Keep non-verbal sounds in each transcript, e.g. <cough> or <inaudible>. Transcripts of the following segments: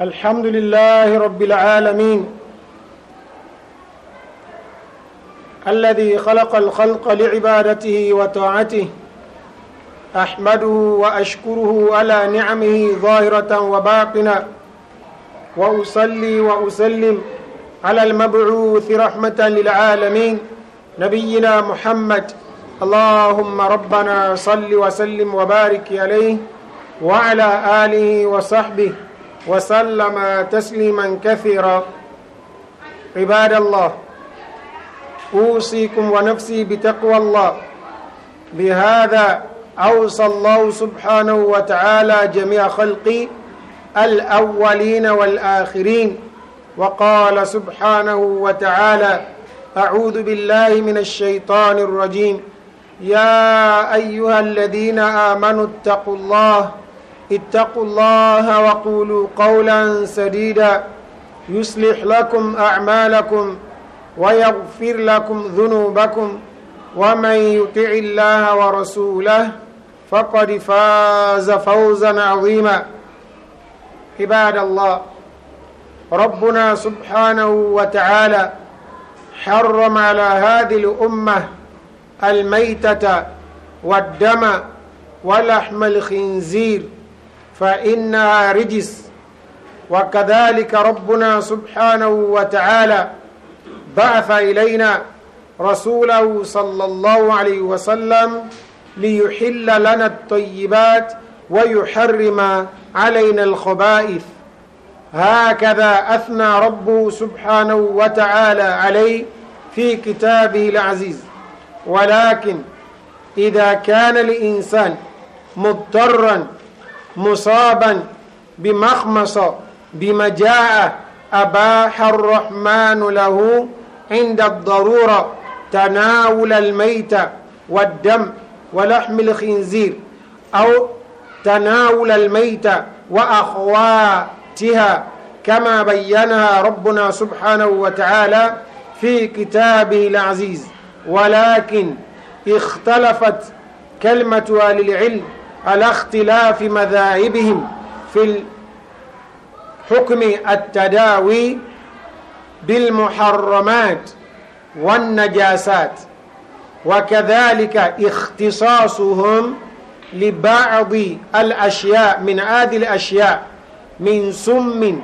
الحمد لله رب العالمين الذي خلق الخلق لعبادته وطاعته أحمده وأشكره على نعمه ظاهرة وباطنة وأصلي وأسلم على المبعوث رحمة للعالمين نبينا محمد اللهم ربنا صل وسلم وبارك عليه وعلى آله وصحبه وسلم تسليما كثيرا عباد الله أوصيكم ونفسي بتقوى الله بهذا أوصى الله سبحانه وتعالى جميع خلقه الأولين والآخرين وقال سبحانه وتعالى أعوذ بالله من الشيطان الرجيم يا أيها الذين آمنوا اتقوا الله اتقوا الله وقولوا قولا سديدا يصلح لكم أعمالكم ويغفر لكم ذنوبكم ومن يطع الله ورسوله فقد فاز فوزا عظيما عباد الله ربنا سبحانه وتعالى حرم على هذه الأمة الميتة والدم ولحم الخنزير فإنها رجس وكذلك ربنا سبحانه وتعالى بعث إلينا رسوله صلى الله عليه وسلم ليحل لنا الطيبات ويحرم علينا الخبائث هكذا أثنى ربه سبحانه وتعالى عليه في كتابه العزيز ولكن إذا كان الإنسان مضطرا مصابا بمخمصة بمجاعة أباح الرحمن له عند الضرورة تناول الميت والدم ولحم الخنزير أو تناول الميت وأخواتها كما بينها ربنا سبحانه وتعالى في كتابه العزيز ولكن اختلفت كلمة أهل العلم على اختلاف مذاهبهم في حكم التداوي بالمحرمات والنجاسات وكذلك اختصاصهم لبعض الأشياء من هذه الأشياء من سم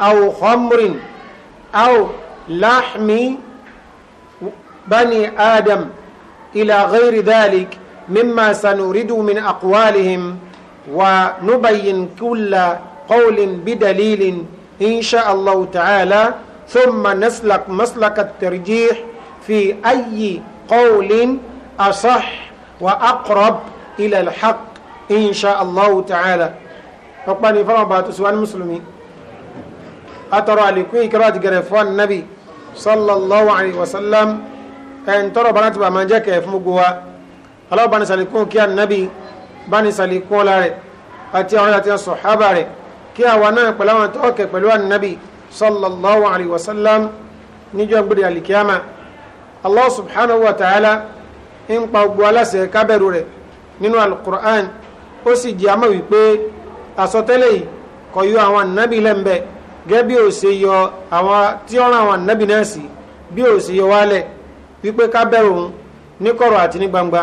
أو خمر أو لحم بني آدم إلى غير ذلك مما سنريد من أقوالهم ونبين كل قول بدليل إن شاء الله تعالى ثم نسلك مسلك الترجيح في أي قول أصح وأقرب إلى الحق إن شاء الله تعالى أقبل فرما باتو سوان مسلمي؟ أترى لكم إكرات جرفان النبي صلى الله عليه وسلم أن ترى بنات ما كيف مقوى aláwọ̀ bá ní sàlékún kí ànábì bá ní sàlékún ọlá rẹ̀ àti àwọn àti sọ̀hábà rẹ̀ kí àwa náà pẹ̀lú àwọn tó ọ̀kẹ́ pẹ̀lú ànábì sallallahu alayhi wa sallam níjọ́ gbèrè àlìkíyàmà allah subhanahu wa ta'ala ń pa gbogbo aláṣẹ kábẹ̀rù rẹ̀ nínú alukur'an ó sì jẹ́ àmọ́ wípé àsọtẹ́lẹ̀ yìí kò yọ àwọn ànábì lẹ́ńbẹ̀ gẹ́gẹ́ bí ó ní kọ̀rọ̀ àti ní gbangba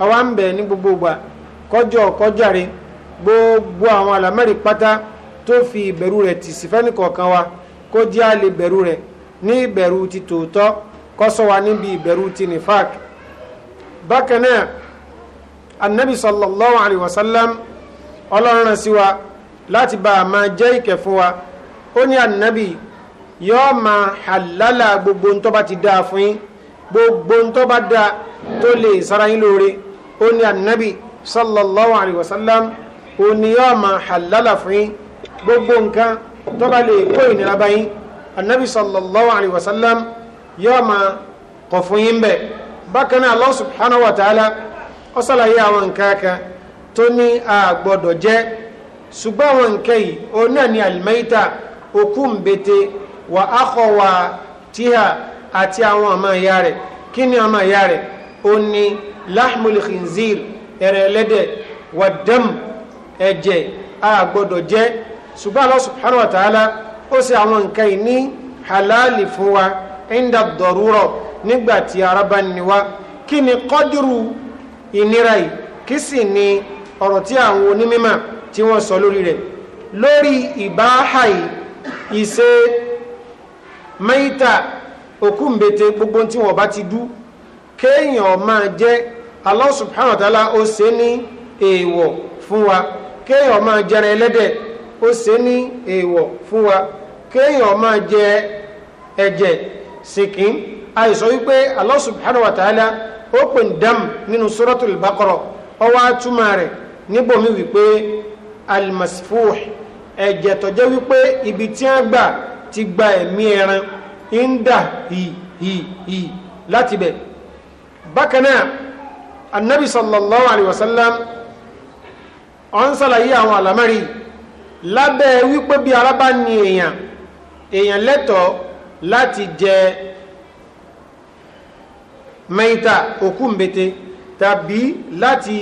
àwa ń bẹ̀ ní gbogbo ìgbà kọjọ kọjáre gbogbo àwọn àlámẹ́rì pátá tó fi ìbẹ̀rù rẹ̀ tì sí fẹ́ni kọ̀ọ̀kan wa kó jẹ́ a lè bẹ̀rù rẹ̀ ní ìbẹ̀rù ti tòótọ́ kọ́sọ́ wa níbi ìbẹ̀rù ti nifak bákan náà anabi sallallahu alayhi wa sallam ọlọ́run rán sí wa láti bá a máa jẹ́ ìkẹ́ fún wa ó ní anabi yóò máa halala gbogbo ntọ́ bá ti dáa fún yín gbogbo ntọ́ bá dáa tó lè sara yín lóore ó ní ànábì sallallahu alayhi wa sallam ó ní yóò máa halala fún yín gbogbo nǹkan tó bá lè kó ìnira bá yín ànábì sallallahu alayhi wa sallam yóò máa kọ̀ fún yín bẹ́ẹ̀ bákan náà Allah subhanahu wa ta'ala ó sàlàyé àwọn nǹkan kan tó ní àgbọ̀dọ̀ jẹ́ ṣùgbọ́n àwọn nǹkan yìí ó náà ní àlìmẹ́yìtà òkú mbete wà ákọ̀wà tíhà àti àwọn ọmọ ìyá rẹ̀ kí ni ọmọ ìyá rẹ̀ ó ní lahmul khinzir ẹ̀rẹ̀ ẹlẹ́dẹ̀ wàdẹ́m ẹ̀jẹ̀ àgbọ̀dọ̀ jẹ́ ṣùgbọ́n Allah subhanahu wa ta'ala ó ṣe àwọn nǹkan ìní halali fún wa inda dọ̀rúrọ̀ nígbà tí ara bá ní wa kí ni kọ́dúrú ìnira yìí kí sì ni ọ̀rọ̀ tí àwọn onímọ̀ tí wọ́n sọ lórí rẹ̀ lórí ìbáhà yìí ìṣe mẹ́ta òkú gbogbo tí wọ́n bá ti dú kéèyàn máa jẹ́ Allah subhanahu wa ta'ala ó ṣe ní èèwọ̀ fún wa kéèyàn máa jẹran ẹlẹ́dẹ̀ ó ṣe ní èèwọ̀ fún wa kéèyàn máa jẹ ẹ̀jẹ̀ sìnkín àìsọ wípé Allah subhanahu wa ta'ala ó pè ní dam nínú suratul Baqara ọwọ́ àtúmọ̀ rẹ̀ níbòmí wípé almasfuh ẹ̀jẹ̀ tó wípé ibi tí wọ́n gbà ti gba ẹ̀mí ẹran ń dà hì hì hì láti bákan náà annabi sallallahu alaihi wasallam ọ ń sàlàyé àwọn àlámẹ́rí lábẹ́ wípé bí ara bá ní èèyàn èèyàn lẹ́tọ̀ọ́ láti jẹ mẹ́ta òkú mbete tàbí láti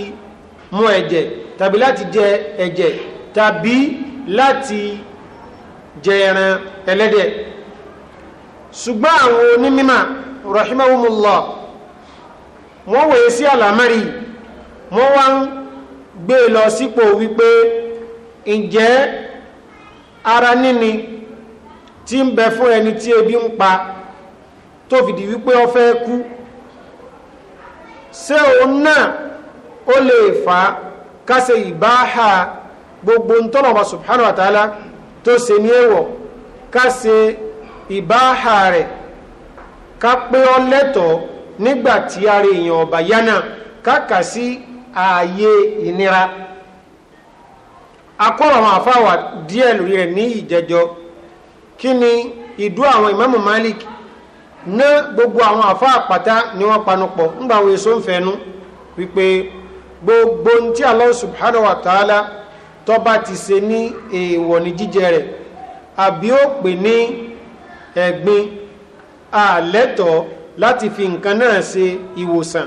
mú ẹ̀jẹ̀ tàbí láti jẹ ẹ̀jẹ̀ tàbí láti jẹ ẹran ẹlẹ́dẹ̀ ṣùgbọ́n àwọn rahimahumullah wọ́n wèé sí àlámẹ́rì wọ́n wá ń gbé e lọ sípò wípé ǹjẹ́ ara níni tí ń bẹ fún ẹni tí ebi ń pa tó fìdí wípé ó fẹ́ kú ṣé o náà ó lè fà á kásẹ ìbáhà gbogbo ntọ́nàmà subhanahu wa ta'ala tó se ní èèwọ̀ kásẹ ìbáhà rẹ̀ ká pé ọ lẹ́tọ̀ọ́ nígbà tí ara èèyàn ọba yánà káàkà sí ààyè ìnira akọ́rọ̀ àwọn àfáwà díẹ̀ lórí rẹ̀ ní ìjẹjọ kí ni ìdú àwọn ìmáàmù Malik ná gbogbo àwọn àfá àpàtà ni wọ́n panupọ̀ ńgbàwó èso ń wípé gbogbo tí Allah subhanahu wa ta'ala ti ní èèwọ̀ ní jíjẹ rẹ̀ láti fi nǹkan náà ṣe ìwòsàn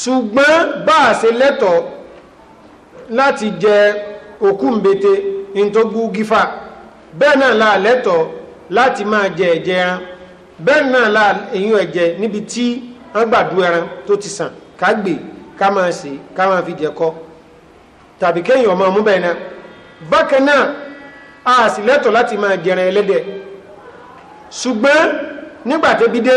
ṣùgbọ́n bá a ṣe lẹ́tọ̀ọ́ láti jẹ òkú mbete ntógú gífà bẹ́ẹ̀ náà la lẹ́tọ̀ọ́ láti máa jẹ ẹ̀jẹ̀ ẹran bẹ́ẹ̀ náà la èyàn ẹ̀jẹ̀ níbi tí wọ́n gbàdú ẹran tó ti sàn ká gbé ká máa ṣe ká máa fi jẹ kọ́ tàbí kéèyàn ọmọ ọmú bẹ́ẹ̀ náà bákan náà a sì lẹ́tọ̀ọ́ láti máa jẹran ẹlẹ́dẹ̀ ṣùgbọ́n nígbà tẹ́bí dé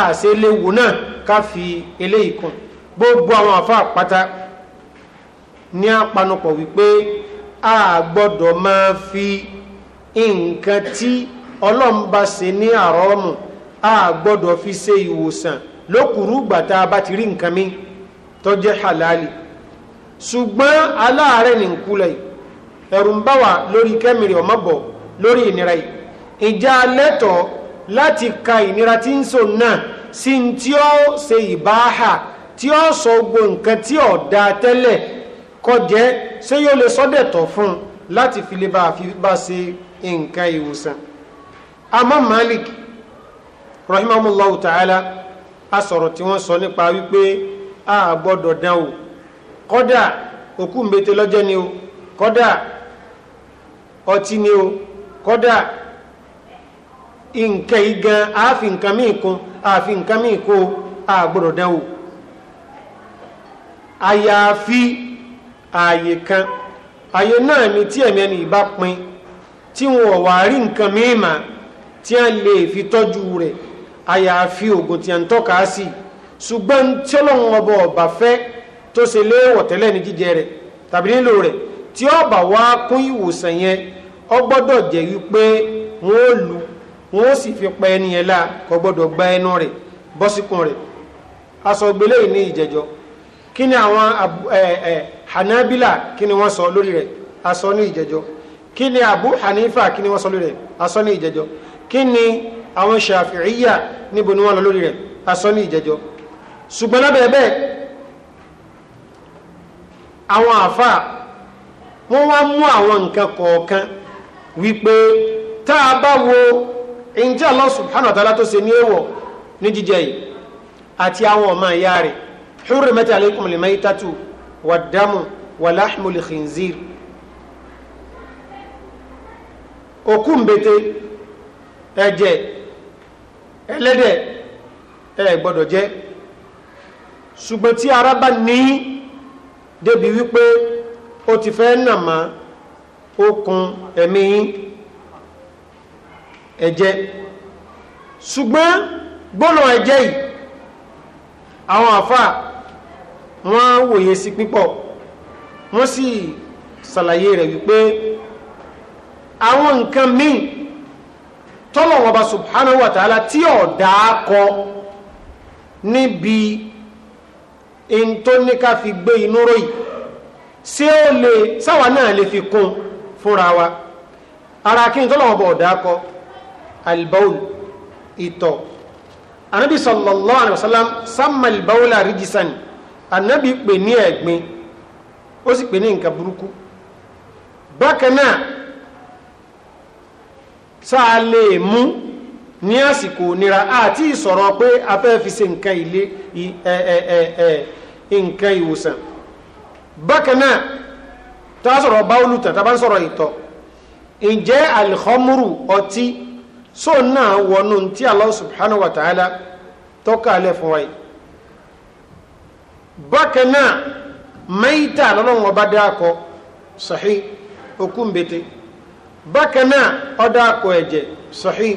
àṣẹ léwu náà ká fi eléyìí kún gbogbo àwọn àfa àpáta ní apanupọ̀ wípé a gbọ́dọ̀ máa fi nǹkan tí ọlọ́run bá ṣe ní àrọ́mù a gbọ́dọ̀ fi ṣe ìwòsàn lókùrú gbàtà bá ti rí nǹkan mi tó jẹ́ halali ṣùgbọ́n aláàárẹ̀ ní nkúlẹ̀ ẹ̀rù ń bá wà lórí kẹ́mìrì ọmọbọ̀ lórí ìnira yìí lẹ́tọ̀ọ́ láti ka ìnira tí ń sọ náà sí tí ó ṣe ìbáhà tí ó sọ gbogbo nǹkan tí ó dá tẹ́lẹ̀ kọjẹ́ ṣé yóò lè sọ́dẹ̀tọ̀ fún un láti fi lè bá ṣe nǹkan ìwòsàn àmọ́ Malik rahimahullahu ta'ala a sọ̀rọ̀ tí wọ́n sọ nípa wípé a gbọ́dọ̀ dán o kọ́dà òkú mbete lọ́jẹ́ ni o kọ́dà ọtí ni o kọ́dà nke igan a nǹkan míì kun àáfi nǹkan míì kó kan ààyè náà ni tí ẹ̀mí ẹni ìbá pin tí wọn ò rí nǹkan míì tí a lè fi tọ́jú rẹ̀ ayaafi ogun tí a ń tọ́ka sí ṣùgbọ́n tí ọlọ́run ọba ọba fẹ́ tó ṣe léèwọ̀ tẹ́lẹ̀ ní jíjẹ rẹ̀ tàbí nílò rẹ̀ tí ọba wá kún ìwòsàn yẹn ó jẹ́ wípé wọ́n lu wọn ó sì fi pa ẹni yẹn la kò gbọ́dọ̀ gba ẹnu rẹ̀ bọ́síkùn rẹ̀ aṣọ ní ìjẹjọ́ kí ni àwọn Hanabila kí ni wọ́n sọ lórí rẹ̀ aṣọ ní ìjẹjọ́ kí ni Abu Hanifa kí ni wọ́n sọ lórí rẹ̀ aṣọ ní ìjẹjọ́ kí ni àwọn Shafi'iyya níbo ni wọ́n lọ lórí rẹ̀ aṣọ ní ìjẹjọ́ ṣùgbọ́n lábẹ́ bẹ́ẹ̀ àwọn àfà wọ́n wá mú àwọn nǹkan kọ̀ọ̀kan wípé tá a bá wo èyí tí Allah subhanahu tó se ní èèwọ̀ ní jíjẹ yìí àti àwọn ọmọ ìyá rẹ̀ hurrimat alaykum damu wa lahmul khinzir òkú mbete ẹ̀jẹ̀ ẹlẹ́dẹ̀ ẹ gbọ́dọ̀ ṣùgbọ́n tí ara bá ní débi wípé ó ti fẹ́ ẹ̀jẹ̀ ṣùgbọ́n gbóná ẹ̀jẹ̀ yìí àwọn àfà wọ́n wòye sí pípọ̀ wọ́n sì ṣàlàyé rẹ̀ wípé àwọn nǹkan míì tọ́lọ̀ wọn subhanahu wa ta'ala tí ọ̀dà kọ níbi in tó ní ká fi gbé inú ròyìn ṣé ó lè sáwa náà lè fi kún fúnra wa ara kí n tọ́lọ̀ wọn bá ọ̀dà albaul ìtọ̀ anabi sallallahu alaihi wasallam sama albaula rijisan anabi pè ní ẹ̀gbin ó sì pè ní nǹkan burúkú bákan náà sáà lè mú ní àsìkò nira àti ìsọ̀rọ̀ pé a fẹ́ fi ṣe nǹkan ilé nǹkan ìwòsàn bákan náà tá a sọ̀rọ̀ báwọlù tàn tá a bá ń sọ̀rọ̀ ìtọ̀ ǹjẹ́ alìkọ́mùrù ọtí so náà wọnú tí Allah subhanahu wa ta'ala tọ́ka alẹ́ fún wa yìí bákan náà maita lọ́lọ́wọ́n ọba dáàkọ sahih okúmbete bákan náà ọdá akọ ẹ̀jẹ̀ sahih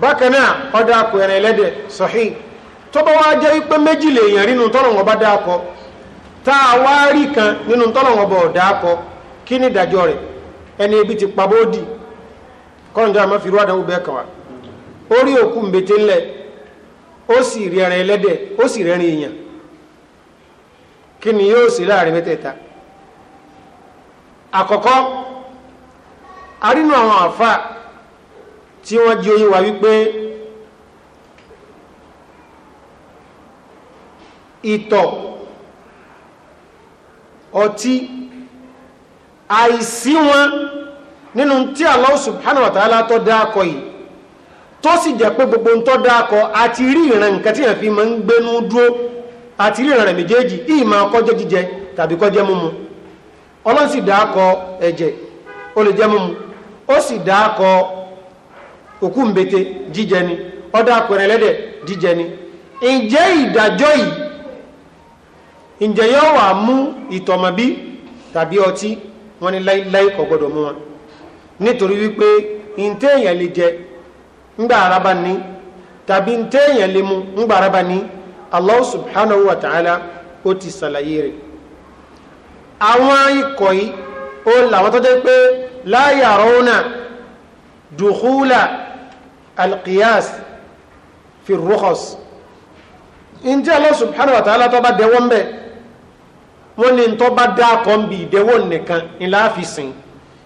bákan náà ọdá akọ ẹ̀rẹ̀ ẹlẹ́dẹ̀ sahih tó bá wá jẹ́ wípé méjì lè yàn nínú tọ́lọ̀wọ́n ọba dáàkọ tá kan nínú tọ́lọ̀wọ́n ọba ọ̀dáàkọ kí ni ìdájọ́ rẹ̀ ẹni ibi ti pabó dì kọ́njọ́ àmọ́ fi rúwádàn bẹ́ẹ̀ kàn wá ó rí òkú mbete ńlẹ̀ ó sì rí ẹran ẹlẹ́dẹ̀ ó sì rẹ́rin èèyàn kí ni yóò sí láàrin mẹ́tẹ̀ẹ̀ta àkọ́kọ́ arínú àwọn àfa tí wọ́n jí oyé wa wípé ìtọ̀ ọtí àìsí wọn nínú tí Allah subhanahu wa ta'ala tó dákọ yìí tó sì jẹ́ pé gbogbo ń tó dákọ àti rí ìran nǹkan tí yàn fi máa ń gbénú dúró àti rí ìran rẹ̀ méjèèjì ìyí máa kọjẹ́ jíjẹ tàbí kọjẹ́ mímu ọlọ́run sì dákọ ẹ̀jẹ̀ ó lè jẹ́ mímu ó sì dákọ ni ó gbọdọ̀ mú wọn nítorí wípé ntẹ́ èèyàn lè jẹ ńgbà araba ní tàbí ntẹ́ èèyàn lè mu ńgbà araba ní Allah subhanahu wa ta'ala ó ti ṣàlàyé rẹ̀ àwọn ikọ̀ yìí ó làwọn tó jẹ́ pé la yaruna dukhula alqiyas fi rukhas ntẹ́ Allah subhanahu wa ta'ala tó bá dẹwọ́ mbẹ́ wọ́n ní ntọ́ bá dá akọ́ nbí ìdẹ́wọ́ nìkan ńlá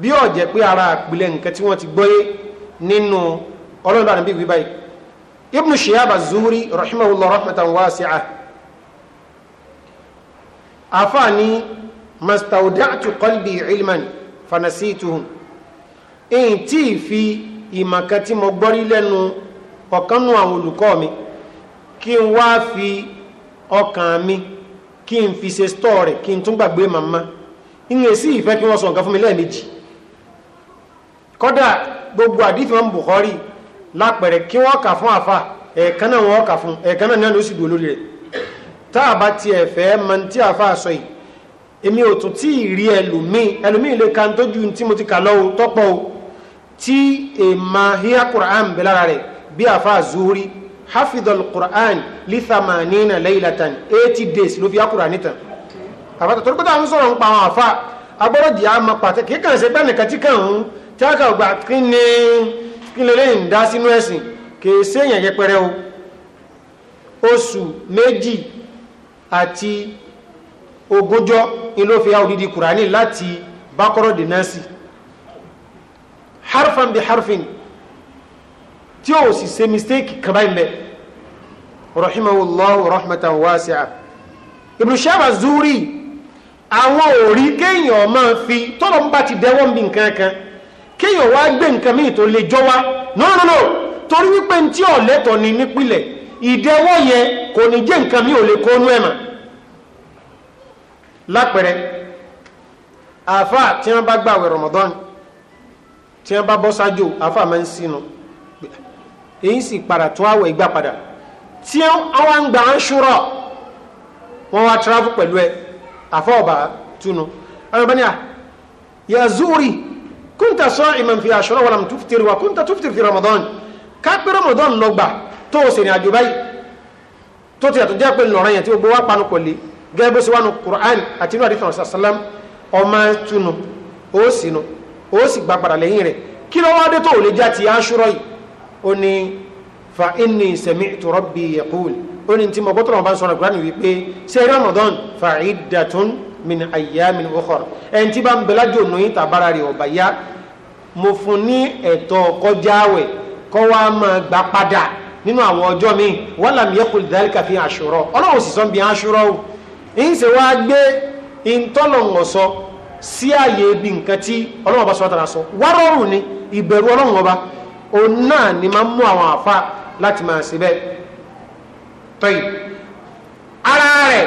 bí ó jẹ́ pé ara àpilẹ̀ nǹkan tí wọ́n ti gbọ́yé nínú ọlọ́dọ̀ àníbí wí báyìí ibnu shihab az-zuhri rahimahullah rahmatan wasi'a afaani mastawda'tu qalbi ilman fanasituhu èyí tí fi ìmọ̀kà tí mo gbọ́rí lẹ́nu ọ̀kanú àwọn olùkọ́ mi kí n wá fi ọkàn mi kí n fi ṣe stọ́ọ̀rẹ̀ kí n tún màmá inú èsì ìfẹ́ kí wọ́n sọ nǹkan fún mi lẹ́ẹ̀mejì kọ́dà gbogbo àdífì wọn Bukhari lápẹ̀rẹ̀ kí wọ́n kà fún àfà ẹ̀ẹ̀kan náà wọ́n kà fún ẹ̀ẹ̀kan náà náà ló sì dúró lórí rẹ̀ tá a bá ti ẹ̀fẹ́ mọ tí àfà sọ yìí èmi ò tún tí ì rí ẹlòmíì ẹlòmíì lè ka tójú tí mo ti kà lọ́wọ́ tọ́pọ̀ o tí èèmà híyá Qur'an bẹ̀ lára rẹ̀ bí àfà Zuhri hafidhul Qur'an li thamanina laylatan eighty days ló fi há Qur'an nítan àfàtà torí pé táwọn sọ̀rọ̀ ń pa àwọn àfà agbọ́rọ̀ dì á ma pàtẹ́ kí kàn ṣe gbẹ́nìkan tí kàn ń tí a kí ni kí lè lẹ́yìn dá sínú ẹ̀sìn kìí sí èyàn yẹpẹrẹ o oṣù méjì àti ogójọ́ ilófíà òdìdí kùránì láti bákọ́rọ̀ dì náà harfan bi harfin tí ó sì mistake kaba ilẹ̀ rahimahullahu rahmatan wasi'a ibn shaba zuri àwọn òrí kéèyàn máa fi tọ́lọ̀ ń bá ti dẹ́wọ́n bí nǹkan kéèyàn wá gbé nǹkan míì tó lè jọ wá no no no torí wípé ní tí ọ̀lẹ́tọ̀ ni nípìnlẹ̀ ìdẹ́wọ́ yẹn kò ní jẹ́ nǹkan míì ò lè kónú ẹ̀ mà lápẹ̀rẹ̀ àáfà tí wọ́n bá gbàwẹ̀ Ramadan tí wọ́n bá bọ́ sájò àáfà máa ń sínú èyí sì padà tó àwẹ̀ ìgbà padà tí àwọn gbà ń ṣúrọ̀ wọ́n wá travel pẹ̀lú ẹ̀ àfọ́ ọ̀bà túnú ọ̀rọ̀ bá ní à yẹ zúrì kúntà sọ ìmọ̀ fi aṣọ́rọ̀ wà tuftir wà kúntà tuftir fi ramadan kápẹ́ ramadan lọ́gbà tó sì ní àjò báyìí tó ti àtúntò jẹ́ pé lọ́rọ̀ yẹn tí gbogbo wa panu kò lè gẹ́gẹ́ bó sì wà nù Qur'an àti inú àdìsàn sàlám ọmọ túnu ó sì nu ó sì gba padà lẹ́yìn rẹ̀ kí lọ́wọ́ adé tó lè já ti aṣọ́rọ̀ yìí ó ní fa inni sami'tu rabbi yaqul ó ní tí mo gbọ́tọ̀ ramadan sọ̀rọ̀ min ayyamin ukhra ẹn tí bá ń bẹ lájò nù yín tàbára rẹ̀ ọ̀bà yá mo fún ní ẹ̀tọ́ kọjáwẹ̀ wa máa gbà padà nínú àwọn ọjọ́ mi walam yaqul dhalika fi Ashura ọlọ́run sì sọ bí Ashura o ń ṣe wá gbé ìtọ́lọ̀ǹgọ̀ sọ sí ààyè ibi nǹkan tí ọlọ́run ọba sọ tara sọ wárọ̀rùn ni ìbẹ̀rù ọlọ́run ọba òun ni máa ń mú àwọn àfa láti máa ṣe ara rẹ̀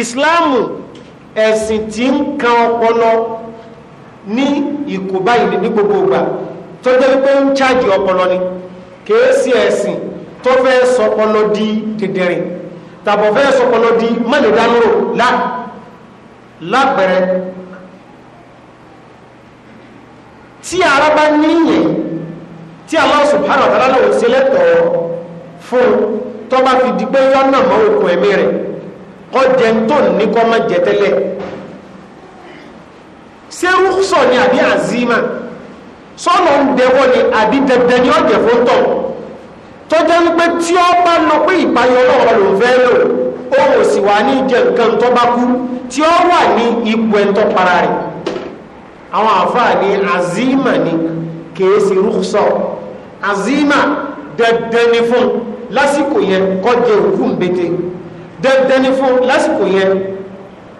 ìsìláàmù ẹ̀sìn tí ń kan ọpọlọ ní ìkó báyìí ní gbogbo ìgbà tó jẹ́ pé ń chájì ọpọlọ ni kìí sí ẹ̀sìn tó fẹ́ sọpọlọ di dìndìnrìn tàbọ̀ fẹ́ sọpọlọ di mọ́lẹ̀dánúrò lápẹẹrẹ tí ara bá níyìn tí Allah subhanahu wa ta'ala lòun ṣe lẹ́tọ̀ọ́ fún tó bá fi di pé yọ́nà mọ́ òkun ẹ̀mí rẹ̀ kọjẹ tó ní kọ́ máa jẹ tẹ́lẹ̀ sẹ́rù sọ ni àbí àzímà sọ́nà ń dẹwọ́ ni àbí dẹdẹ ni ọ̀jẹ̀ fún tọ̀ tọ́jẹ́ wípé tí ó bá lọ pé ìpayọ̀ ọlọ́run ló fẹ́ lò ó sì wà ní jẹ nǹkan tó ni kìí sí rúkṣọ àzímà dẹdẹ ni fún lásìkò yẹn kọjẹ òkú ń bete dandan ni fún lásìkò yẹn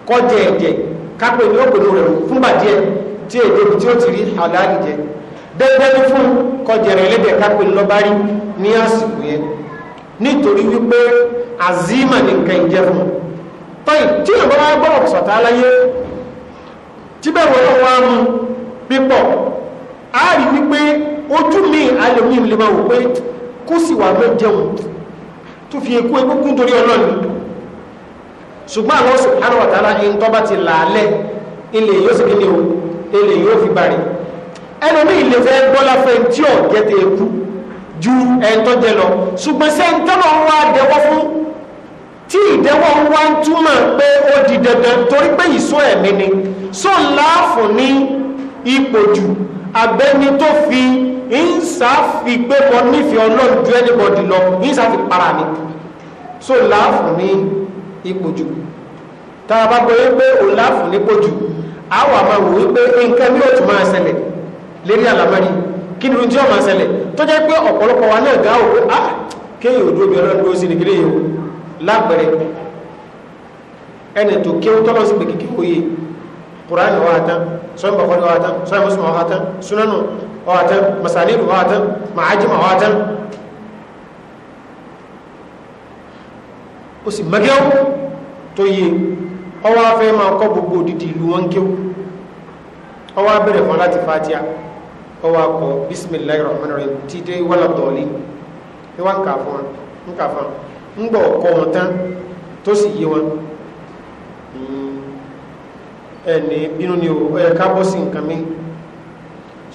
kọjẹ ẹ̀jẹ̀ kápẹ́ ní òpinnu rẹ̀ fúngbà díẹ̀ tí èdè ibi tí ó ti rí àdáàlì jẹ dandan ni fún kọjẹ rẹ̀ lẹ́dẹ̀ kápẹ́ lọ́bá rí ní àsìkò yẹn nítorí wípé azima ní nǹkan ìjẹ fún tọ́yì tí ìbọn wa gbọ́dọ̀ sọ̀tà aláyé tí bẹ́ẹ̀ wọ́n wá mú pípọ̀ á rí wípé ojú mi alẹ́ mi lè máa wò pé kó sì wà ló jẹun tó fi ekú egúngún torí ọlọ́run ṣùgbọ́n Allah subhanahu wa ta'ala ẹni tó bá ti làálẹ̀ ilẹ̀ yóò sì nílé o ilẹ̀ yóò fi bari ẹnu mi ilẹ̀ fẹ́ gbọ́lá fẹ́ tí ò gẹ́tẹ̀ eku ju ẹni tó jẹ lọ ṣùgbọ́n ṣé ń tọ́nà ń wá dẹwọ́ fún tí ìdẹwọ́ wá ń túmọ̀ pé ó di dandan torí pé ìsọ ẹ̀mí ni sọ ńlá fún ní ipò jù abẹ́ni tó fi ń sáfi pé mo nífẹ̀ẹ́ ọlọ́run ju anybody lọ ń sáfi para mi so láàfù ní ipò jù tá a bá gbọ́ wípé òun láàfún nípò jù á wà máa wò wípé nǹkan ní òtún máa ṣẹlẹ̀ lérí àlámọ́rí kí ni ojú ọmọ ṣẹlẹ̀ tó jẹ́ pé ọ̀pọ̀lọpọ̀ wa náà gá òkú á kéèyàn ò dúró bí ọlọ́run dúró sí ni kílẹ̀ yìí o lábẹ̀rẹ̀ ẹni tó kéwú tọ́lọ́ sí pé kíkí oyè kùránì wà tán sọ́yìn bàkọ́ni wà tán sọ́yìn mùsùlùmí wà tán súnánù wà tán masalibu ó sì mẹ́gẹ́wó tó yẹ ọwọ́ afẹ́ máa kọ́ gbogbo òdìdí ìlú wọn kéwú ọwọ́ abẹ́rẹ̀ fún fatia bisimilayi rahman rahim títí wàlá dọ̀ọ̀lì ni wọ́n fún wọn ń kà fún wọn ń gbọ́ ọkọ wọn tán tó hmm. ni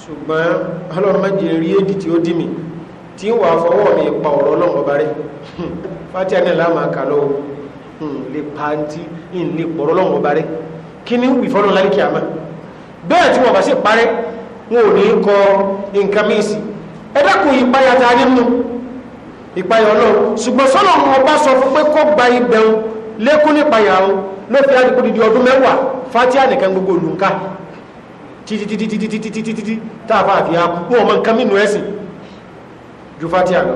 ṣùgbọ́n ọlọ́run rí èdè tí ó tí ó wà fọwọ́ mi pa ọ̀rọ̀ náà ọba rẹ̀ fati àná láàmà kà lọ́wọ́ lè pa ntí lè pọ̀rọ̀ náà ọba rẹ̀ kí ni wì lálẹ́ kí a bẹ́ẹ̀ tí wọ́n bá sì parẹ́ wọn ò ní kọ nǹkan sí ẹ dákun ìpayà tá a ìpayà ọba sọ fún pé kó gba nípayà ló fi àdìpọ̀ ọdún gbogbo ju fatia lọ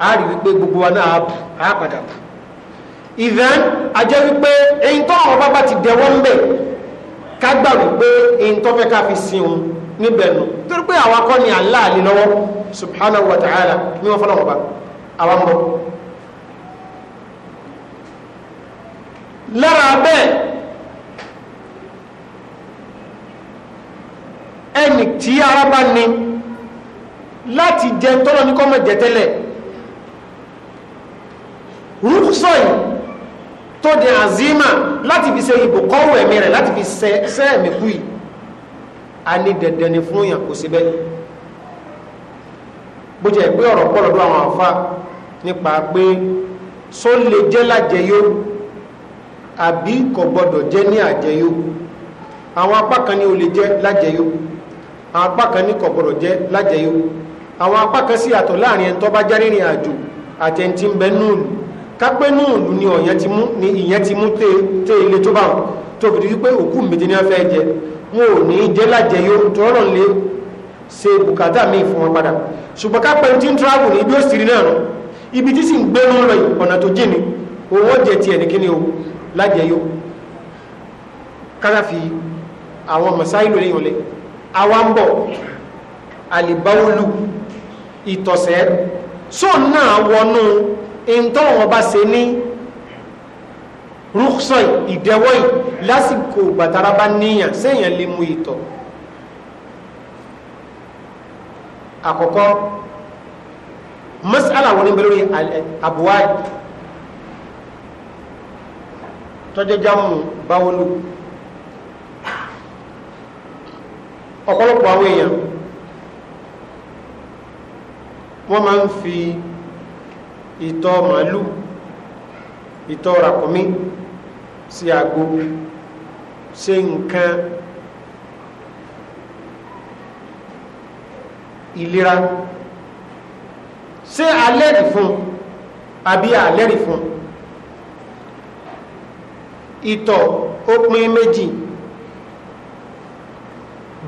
a rí wípé gbogbo wa náà a padà bù ìdán ajẹ́ wípé èyí tó àwọn bábá ti dẹ̀wọ́ ń bẹ̀ ká gbà wípé èyí tó fẹ́ ká fi sin níbẹ̀ nù torí pé àwọn akọ́ ni Allah lè lọ́wọ́ subhanahu wa ta'ala ní wọ́n fọ́nà wọn bá àwọn bọ̀ lára bẹ́ẹ̀ ẹnì tí ara bá ní láti jẹ tọ́lọ ní kọ́mọ̀ jẹ tẹ́lẹ̀ rúkúsọ̀ yìí tó di àzímà láti fi ṣe ìbùkọ́wò ẹ̀mí rẹ̀ láti fi ṣẹ́ ẹ̀mí kú yìí a ní dandan ni fún yàn kò sí bẹ́ẹ̀ bó jẹ́ pé ọ̀rọ̀ pọ̀ lọ́dọ̀ àwọn àfa nípa pé só lè jẹ́ lájẹyó àbí kò gbọdọ̀ jẹ́ ní àjẹyó àwọn apá kan ní ó lè jẹ́ lájẹyó àwọn apá kan ní kò gbọdọ̀ jẹ́ lájẹyó àwọn apá kan sí àtọ̀ láàrin ẹni tó bá já rìnrìn àjò àti ẹni tí ń bẹ núùlù kápẹ́ núùlù ni ọ̀yẹn ti ni ìyẹn ti mú té ilé tó bá wọn tó fi di wípé òkú méjì ni wọ́n fẹ́ jẹ wọn ò ní jẹ́ lájẹ yóò tọ́rọ̀ lé ṣe bùkátà míì fún wọn padà ṣùgbọ́n kápẹ́ tí ń travel ní ibi ó sì rí náà rán ibi tí sì ń gbé lọ́rọ̀ yìí ọ̀nà tó jìn owó jẹ tiẹ̀ ní kíni o lájẹ yóò kára fi àwọn mọ̀sáìlò lè yànlẹ̀ àwa ń bọ̀ àlìbáwọ́lù ìtọ̀sẹ̀ só náà wọnú ìntọ́wọ̀n bá ṣe ní rúkṣọ́ ìdẹ́wọ́ yìí lásìkò gbàtara bá níyàn séèyàn lè mú ìtọ̀ àkọ́kọ́ masala wọn bẹ lórí àbúwá tọ́jọ́jámù báwọlú ọ̀pọ̀lọpọ̀ àwọn èèyàn wọ́n máa ń fi ìtọ̀ màálù ìtọ̀ ràkúnmí sí àgbo ṣe nǹkan ìlera ṣé alẹ́rì fún àbí alẹ́rì fún ìtọ̀ ó méjì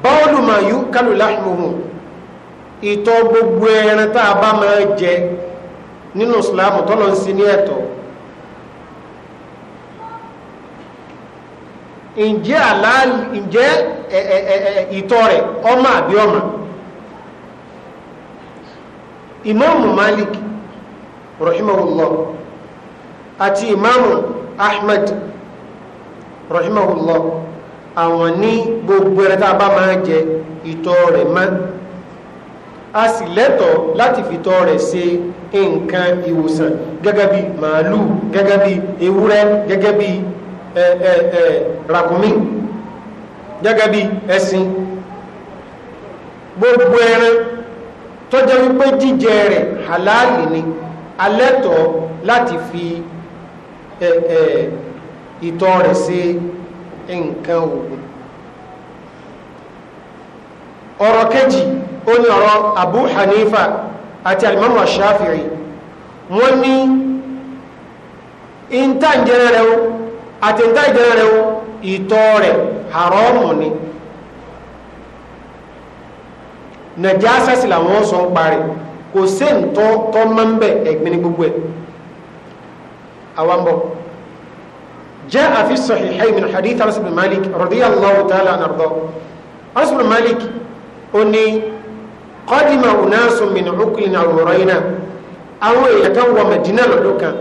báwọ́lù màá yú kálù láhùn ìtọ̀ gbogbo ẹran tá a bá máa jẹ nínú ìsìláàmù tọ́lọ̀ ń ní ẹ̀tọ́ ǹjẹ́ àlàálì rẹ̀ ọmọ àbí ọmọ Malik rahimahullah àti Ahmed rahimahullah àwọn ní gbogbo ẹran tá a bá máa jẹ rẹ̀ máa a sì lẹ́tọ̀ọ́ láti fìtọ́ rẹ̀ ṣe nǹkan ìwòsàn gẹ́gẹ́ bí màálù gẹ́gẹ́ bí ewúrẹ́ gẹ́gẹ́ bí ẹ gẹ́gẹ́ bí ẹṣin gbogbo ẹran tọ́jọ́ wípé jíjẹ rẹ̀ halali ni alẹ́tọ̀ọ́ láti fi ìtọ̀ rẹ̀ ṣe nǹkan òògùn ọ̀rọ̀ kejì ó ní ọ̀rọ̀ Abu Hanifa àti alimamu Shafi'i wọ́n ní ìntà ìjẹrẹ rẹ̀ o àti ìntà ìjẹrẹ rẹ̀ o ìtọ̀ rẹ̀ haramu ni nàjásásì làwọn sọ ń parí kò sí ǹtọ́ tọ́ mọ́ ń bẹ̀ ẹ̀gbìn gbogbo ẹ̀ àwọn bọ̀ جاء في الصحيحين من حديث أنس بن مالك رضي الله تعالى عنه أنس مالك ó ní kọ́dìmọ̀ unasun min uklin aw Murayna àwọn èèyàn kan wọ Mẹ̀dínà lọ́dún kan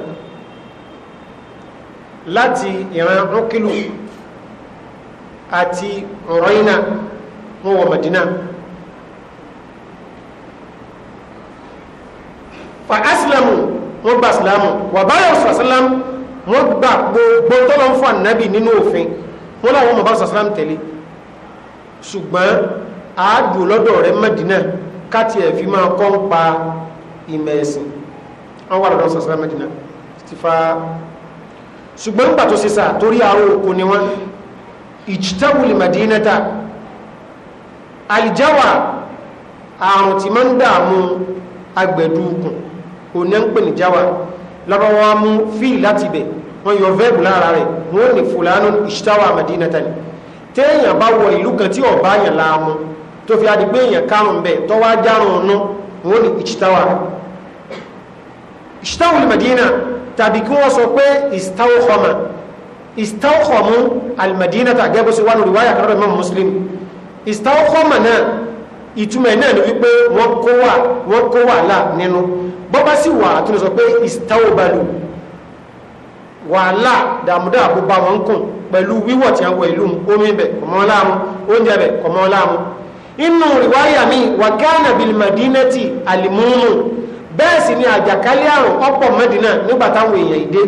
láti ìran ukilu àti Murayna wọn wọ Mẹ̀dínà. fa asilamu wọn gba asilamu wà báyọ̀ sọ asilamu wọn gba gbogbo tọ́lọ́ fún ànábì nínú òfin wọn làwọn mọ̀ bá tẹ̀lé ṣùgbọ́n àádùn lọ́dọ̀ rẹ̀ mẹ́dínà káti ẹ̀ fi máa kọ́ ń pa ìmẹ̀ ẹ̀sìn wọ́n wà lọ́dọ̀ sàṣẹ́ mẹ́dínà ti fa ṣùgbọ́n pàtó sísà torí àwọn òkú ni wọ́n ìjítẹ́wùlì mẹ́dínẹ́ta àlìjáwà àrùn tí máa ń dààmú agbẹ̀dùkùn òní ń pè ní jáwà lọ́bọ̀wọ́ wọ́n yọ vẹ́ẹ̀bù ni téèyàn bá wọ ìlú kan tí ọ̀bá tó fi adigbé èèyàn karùn-ún bẹ̀ tó wá járùn ọ̀nà wọn ni ìṣtáwà ìṣtáwà al-Madina tàbí kí wọ́n sọ pé ìstáwọ́kọ̀mà ìstáwọ́kọ̀mù al-Madina tà gẹ́gẹ́ bó ṣe wà wáyà kan lọ́dọ̀ Imam Muslim ìstáwọ́kọ̀mà náà ìtumọ̀ náà ni wípé wọ́n kó wà wọ́n kó wà láà nínú bọ́bá sì wà tó lè sọ pé ìstáwọ́balù wàhálà dàmúdà àbúbá wọn kùn pẹ̀lú wíwọ̀ tí wọ́n inú rìwáyà mi wà gánà bíi màdínẹ́tì àlìmúnú bẹ́ẹ̀ sì ni àjàkálẹ̀ àrùn ọ̀pọ̀ mẹ́dínà nígbà táwọn èèyàn ìdé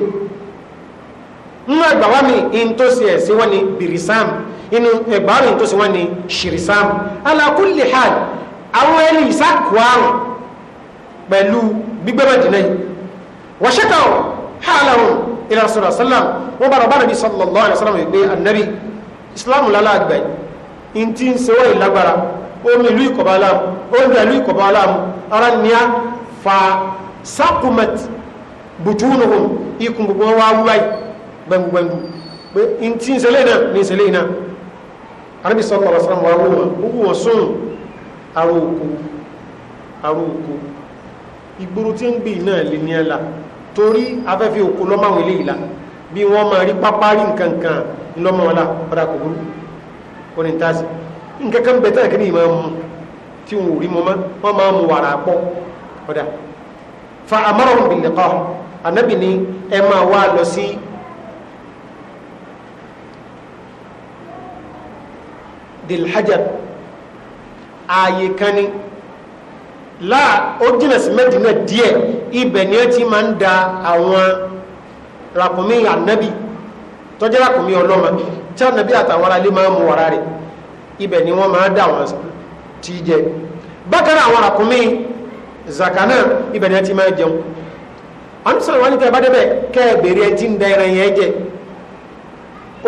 nínú ẹgbàá mi in tó ṣe ẹ̀sìn wọn ni birisam inú ẹgbàá mi in tó ṣe wọn ni shirisam ala kulli hal àwọn ẹni ìsákò àrùn pẹ̀lú gbígbé mẹ́dínà yìí wọ́n ṣẹ́kọ̀ hàlàhùn ila rasulullah sallam wọ́n bára bá nàbí sallallahu in ti ń se wọ́n ìlágbára omi ìlú ìkọ̀bá aláàmù oúnjẹ ìlú ìkọ̀bá aláàmù ara ní a fa sakumet butunuhun ikùn gbogbo wa wúwáì gbẹngbẹngbù pé in ti ń se lẹ́yìn náà ní ìsẹ̀lẹ̀ náà arábì sọ́kọ̀ ọ̀rọ̀ sọ́kọ̀ ọ̀rọ̀ wọn gbogbo wọn sún àrò òkú la bí wọ́n máa rí pápá rí nǹkan kan lọ́mọ ọ̀la padà kò burú oní tásì nǹkan kan bẹ̀ tẹ́lẹ̀ kí ni ìmọ̀ mu tí wọn ò rí mọ́ wọn máa mu wàrà pọ̀ ọ̀dà fa amarahum bil liqa anabi ni ẹ máa wá lọ sí dilhajar ààyè kan ni láà ó jìnà sí Mẹ́dínà díẹ̀ ibẹ̀ ni ẹ ti máa ń da àwọn ràpọ̀mí anabi. tọ́jẹ́ lákùnmí ọlọ́mọ tí ànàbí àtàwọn aráalé máa ń mu wàrà rẹ̀ ibẹ̀ ni wọ́n máa dà wọn ti jẹ bákan náà àwọn àkùnmí zaka náà ibẹ̀ ni wọ́n ti máa jẹun àwọn sọ̀rọ̀ wọn ní tẹ́ bá débẹ̀ kẹ́ ń yẹn jẹ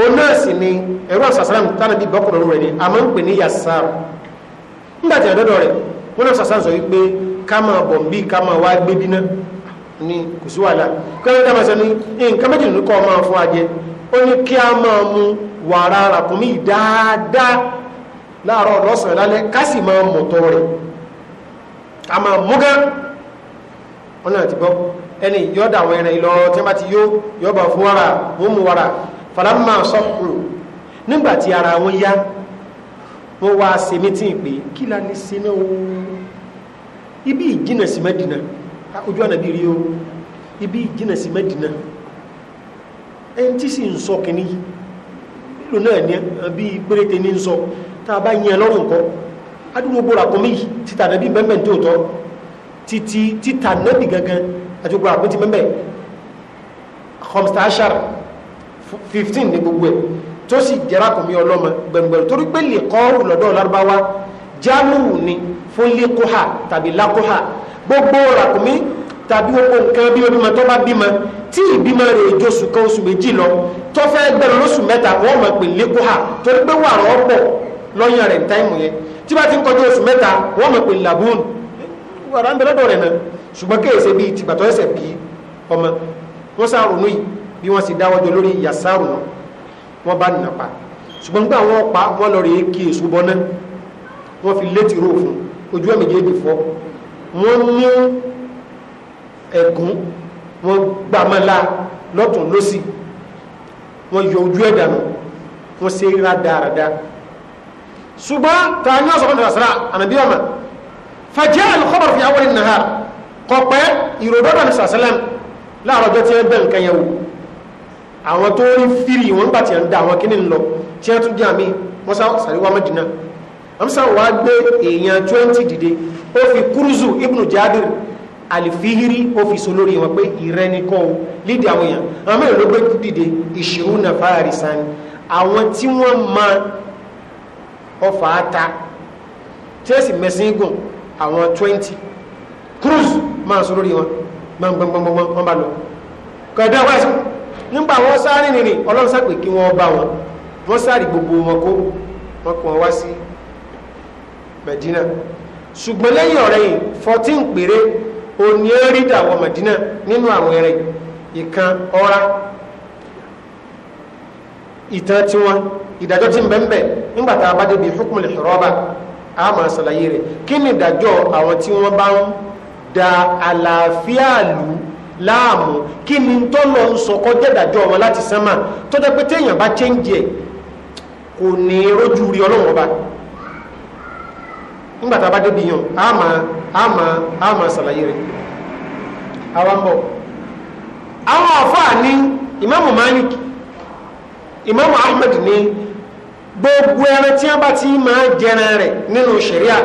o náà ni ẹ̀rọ àṣàṣàràn tánàbí bọ́kùnrin ní kò sí wàhálà kẹ́lẹ́ dá máa sọ ní nǹkan kọ́ kí a máa mu wàrà ràkúnmí dáadáa láàárọ̀ lọ́sàn-án lálẹ́ ká sì máa mọ̀tọ́ rẹ̀ a máa mú gán náà ti gbọ́ ẹni yọ́ dà àwọn ẹran ìlọrọ tí wọ́n ti yó yọ́ bá fún wàrà mú wàrà nígbà tí ara wọn yá wá pé kí la ibi ìjìnà sí mẹ́dínà. ojú ànàbí rí o ibi jìnà sí mẹ́dínà ẹni tí sì ń sọ kìíní ìlú náà ní bí péréte ní ń sọ tá a bá yẹn lọ́rùn kọ́ adúgbò bóra kọ́mí títà nàbí mẹ́mẹ́ tó tọ́ títí títà nàbí gangan àti gbogbo àpótí mẹ́mẹ́ khamstashar fifteen ní gbogbo ẹ̀ tó sì jẹ́ra kọ́mí ọlọ́mọ gbẹ̀ngbẹ̀rún torí pé lè kọ́ ọ̀rùn lọ́dọ̀ lárúbáwá jámùrù ni fún lẹ́kọ́hà tàbí lákọ́hà gbogbo ràkúnmí tàbí gbogbo nǹkan bí obìmọ tó bá bímọ tí ìbímọ rẹ̀ èjò oṣù kan oṣù méjì lọ tó fẹ́ gbẹ̀rún lóṣù mẹ́ta wọ́n mọ̀ pé lẹ́kọ́hà torí pé wàrà ọ̀pọ̀ lọ́yàn rẹ̀ táìmù yẹn tí bá ti ń kọjú oṣù mẹ́ta wọ́n mọ̀ pé làbún wàrà ń bẹ lọ́dọ̀ rẹ̀ náà ṣùgbọ́n kéèsè bíi tìgbà tó ẹsẹ̀ bíi ọmọ wọ́n sá yìí bí wọ́n sì dáwọ́jọ lórí yàsáàrù náà wọ́n bá nìyàn pa ṣùgbọ́n nígbà wọn pa wọ́n lọ rèé kí èso bọ́ná wọ́n fi létí rò ojú ẹ̀ méjèèjì fọ́ wọ́n ní ẹ̀gún wọ́n gbàmọ́lá lọ́tún lọ́sì wọ́n yọ ojú ẹ̀dà nù wọ́n ṣe ríra dáradá ṣùgbọ́n ta ní ọ̀sán kọ́ńtà sàrà ànàbí ọmọ fàjẹ́ al-khabar fi awwal an-nahar kọ̀pẹ́ ìròdọ́dọ̀ ní sàṣẹ́lẹ̀m láàárọ̀ ọjọ́ tí wọ́n bẹ̀ dìde ó fi kúrúzù ibnu jábìr àlìfihiri ó fi so lórí wọn pé ìrẹnikọ́ o lídìí àwọn èèyàn àwọn mẹ́rin ló gbé dìde ìṣirò náà fáàrí sani àwọn tí wọ́n ma ọfà ata tí ẹ̀sìn mẹ́sìn àwọn twenty cruise máa so lórí wọn gbọ̀ngbọ̀ngbọ̀ngbọ̀n wọn bá lọ kọ̀dá west nígbà wọn sáré nìrìn ọlọ́run sàpè kí wọ́n bá wọn wọ́n sáré gbogbo wọn kó wọn kò wá sí Medina ṣùgbọ́n lẹ́yìn ọ̀rẹ́ yìí fourteen péré òní erídà wọ Madina nínú àwọn ẹrẹ ìkan ọra ìtàn tiwọn ìdájọ́ tí ń bẹ ń bẹ nígbà tá a bá débi hukmul hiraba a máa ṣàlàyé rẹ̀ kí ni ìdájọ́ àwọn tí wọ́n bá ń da àlàáfíà lù láàmú kí ni tó lọ ń sọ kọjá ìdájọ́ wọn láti sánmà tó jẹ́ pé téèyàn bá chẹ́ǹjì ẹ̀ kò ní rójú rí ọlọ́run ọba ńgbàtà bá débi yàn àmà àmà àmà sàlàyé rẹ̀ àwọn bọ̀ àwọn àfáà ní ìmáàmù Malik ìmáàmù Ahmed ní gbogbo ẹran tí wọ́n bá ti máa jẹran rẹ̀ nínú ṣẹ̀ríà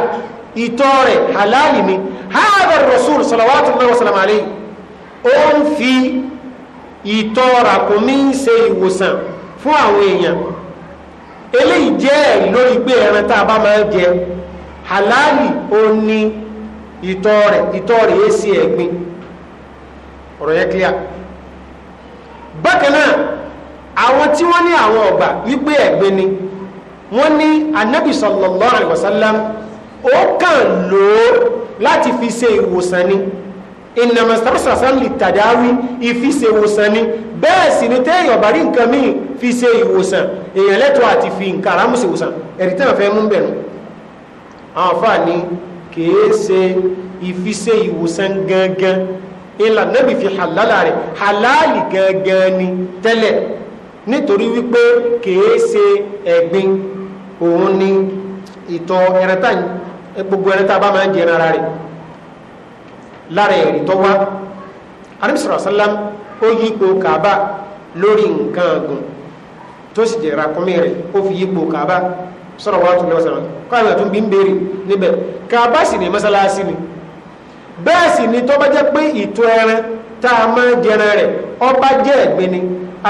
ìtọ̀ rẹ̀ halali ni haadha rasul salawatullahi wa salam alayhi ó ń fi ìtọ̀ ràkúnmí ṣe ìwòsàn fún àwọn èèyàn eléyìí jẹ́ lórí pé ẹran tá a bá máa jẹ halali ó ní ìtọ̀ rẹ̀ ìtọ̀ rẹ̀ yé sí ẹ̀gbin ọ̀rọ̀ yẹn clear bákan náà àwọn tí wọ́n ní àwọn ọ̀gbà wípé ẹ̀gbin ni wọ́n ní anabi sallallahu alayhi wa sallam ó kàn lò ó láti fi ṣe ìwòsàn ni ìnàmọ̀ sàrọ̀sàrọ̀sà lè tàdáwí ìfi ṣe ìwòsàn ni bẹ́ẹ̀ sì ni téèyàn bá rí nǹkan míì fi ṣe ìwòsàn èèyàn lẹ́tọ̀ọ́ àti fi nǹkan àrámù ìwòsàn ẹ̀rí tẹ́wọ̀n fẹ́ mú bẹ̀rù àwọn àfààní kìí ṣe ìfiṣẹ́ ìwòsàn gangan ìlà nẹ́bì fi halálà rẹ̀ halálì gangan ni tẹ́lẹ̀ nítorí wípé kìí ṣe ẹ̀gbin òun ni ìtọ̀ ẹ̀rẹ́ta gbogbo ẹ̀rẹ́ta bá máa ń jẹ ara rẹ̀ lára ẹ̀rí wá arísọ̀rọ̀ ó yí kàbá lórí nǹkan ọ̀gùn tó sì jẹ́ ràkúnmí rẹ̀ ó fi yí kàbá sọ̀rọ̀ wá tún lọ́sọ̀rọ̀ kọ́ àwọn àtúnbí ń béèrè níbẹ̀ kàbá sì ní mọ́sálásí ni bẹ́ẹ̀ sì ni tó bá jẹ́ pé ìtọ́ ẹran tá a máa jẹran rẹ̀ ọba jẹ́ ẹ̀gbin ni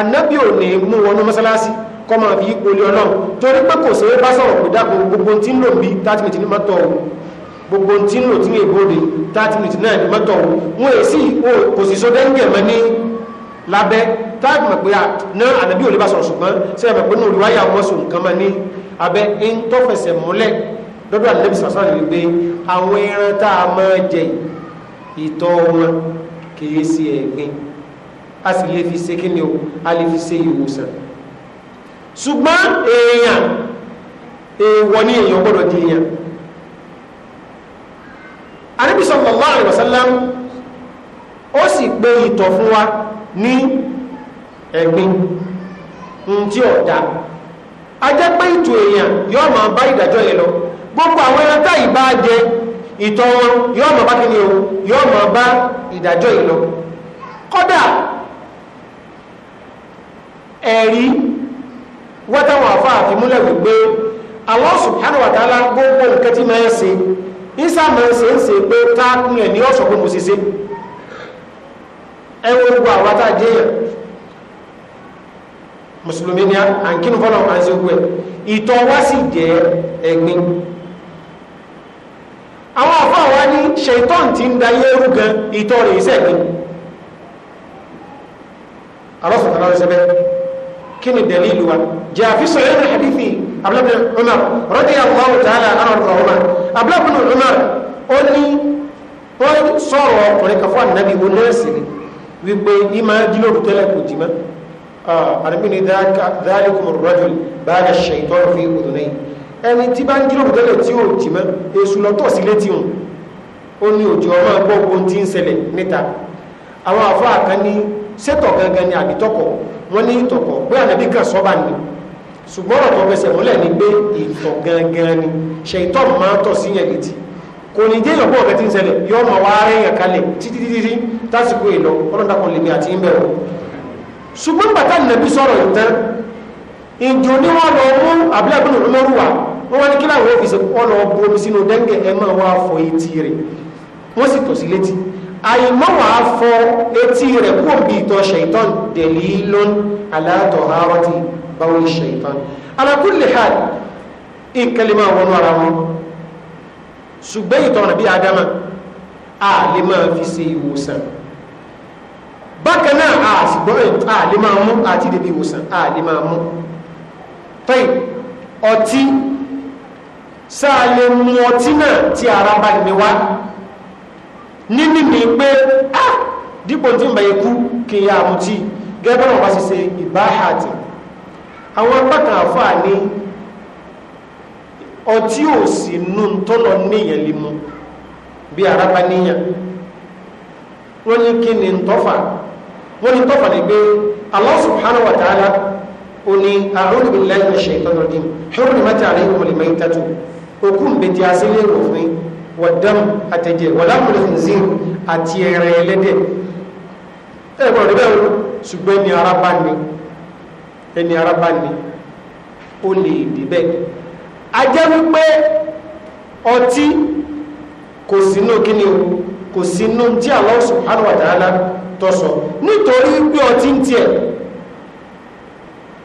anábì ò ní mú wọnú mọ́sálásí kọ́ máa fi ipò lé ọlọ́run torí pé kò ṣeé bá sọ̀rọ̀ kó dáko gbogbo tí ń lò bí thirty minutes ní mọ́tò ọ̀hún gbogbo tí ń lò tí ń èbóde thirty minutes náà ní mọ́tò ọ̀hún wọn èyí kò sì so dẹ́ńgẹ̀ mọ́ ní lábẹ́ táàgì mọ̀ pé náà ànábì ò lè bá sọ̀rọ̀ ṣùgbọ́n sẹ́yìn mọ̀ pé náà olùwáyà wọn sùn nǹkan mọ́ ní abẹ́ ń tọ́fẹsẹ̀ múlẹ̀ lọ́dọ̀ àlẹ́bí sàṣọ́lẹ̀ wípé àwọn ẹran tá a máa jẹ ìtọ̀ wọn kìí sí ẹ̀gbin a sì lè fi ṣe kí ni o a lè fi ṣe ìwòsàn ṣùgbọ́n èèyàn èèwọ̀ ní èèyàn gbọ́dọ̀ di èèyàn ànábì sallallahu alaihi wasallam ó sì pé ìtọ̀ fún wa ní ẹ̀gbin ń tí ọ̀dà ajẹ́ pé ìtò èèyàn yóò ma bá ìdájọ́ gbogbo àwọn ẹran ìbá jẹ ìtọ̀ wọn yóò ma bá o yóò ma bá ìdájọ́ yẹn lọ ẹ̀rí wọ́tàwọn àfimúlẹ̀ wípé gbogbo nǹkan tí máa ń ìsà máa ń ń pé táàkùn ẹ̀ ní gbogbo àwọn a mùsùlùmí ni à ń kínú fọlọ́ à ń sẹ́kù ẹ̀ ìtọ̀ wá sì jẹ́ ẹ̀gbin àwọn àfọ àwa ní ṣètọ́n ti ń da yẹ́rù gan ìtọ̀ rẹ̀ ìṣẹ̀gbin alọ́sùn tàbí ọ̀rẹ́sẹ̀ bẹ́ẹ̀ kí ni dalilu wa jẹ́ àfisọ̀ yẹn ní hadithi abúlébìn Umar radiyallahu ta'ala arọ̀rọ̀ Umar abúlébìn Umar ó ní wọ́n sọ̀rọ̀ ọkùnrin kan fún ànábì onẹ́sì ni wípé ìmọ̀ jílòrù tẹ́lẹ̀ kò jì mọ́ àdìmíní dáríkùn rọ́jùl bá a ṣètò fi òdùnà yìí ẹni tí bá ń jíròrò tẹ́lẹ̀ tí ó jì mọ́ èṣù lọ́tọ̀ sí létí hùn ó ní òjò ọmọ ẹgbọ́ ogun tí ń ṣẹlẹ̀ níta àwọn àfọ́ àkànní sétọ̀ gangan ni àbítọ́kọ̀ wọ́n ní ìtọ̀kọ̀ pé ànábì kan sọ́ba ni ṣùgbọ́n ọ̀rọ̀ fẹsẹ̀ múlẹ̀ ní jẹ́ ìyọ̀pọ̀ ṣùgbọ́n bàtà nàbí sọ̀rọ̀ ìtàn ìjò ní wọ́n lọ mú àbílẹ̀bùnú lọ́rù wa wọ́n wá ní kí láwọn òfìsì wọ́n lọ bu omi sínú dẹ́ngẹ̀ ẹ máa wá fọ etí rẹ̀ wọ́n sì tọ̀ sí létí àyìnbó wà á fọ etí rẹ̀ kú òbí ìtọ̀ ṣèitán dẹ̀lí lón aláàtọ̀ àárọ̀tì báwo ṣèitán ala kulli hal ìkẹlẹ̀ máa wọnú ara wọn ṣùgbọ́n ìtọ̀ nàbí adama a lè máa fi ṣe ìwòsàn bákan náà a ṣùgbọ́n a lè máa mú àti ìwòsàn a máa mú tọ́yì ọtí sáà mú ọtí ara bá wá pé a dípò tí ń bẹ̀yẹ kú kí ya mutí gẹ́gẹ́ bọ́n bá ṣiṣẹ́ ìbáhàtì àwọn apákan àfáà ní ọtí ò sí nú tọ́lọ níyàn lè ni tọ́fà wọ́n ní tọ́pọ̀ ní pé Allah subhanahu wa ta'ala ó ní a'udhu billahi minash shaitanir rajim hurrimat alaykumul maytatu òkú nbẹ̀tì àṣírí èrò fún yín wọ̀dán àtẹ̀jẹ̀ wọ̀lámùlẹ̀ ǹzín àti ẹ̀rẹ̀ ẹlẹ́dẹ̀ tọ́sọ nítorí pé ọtí ń tiẹ̀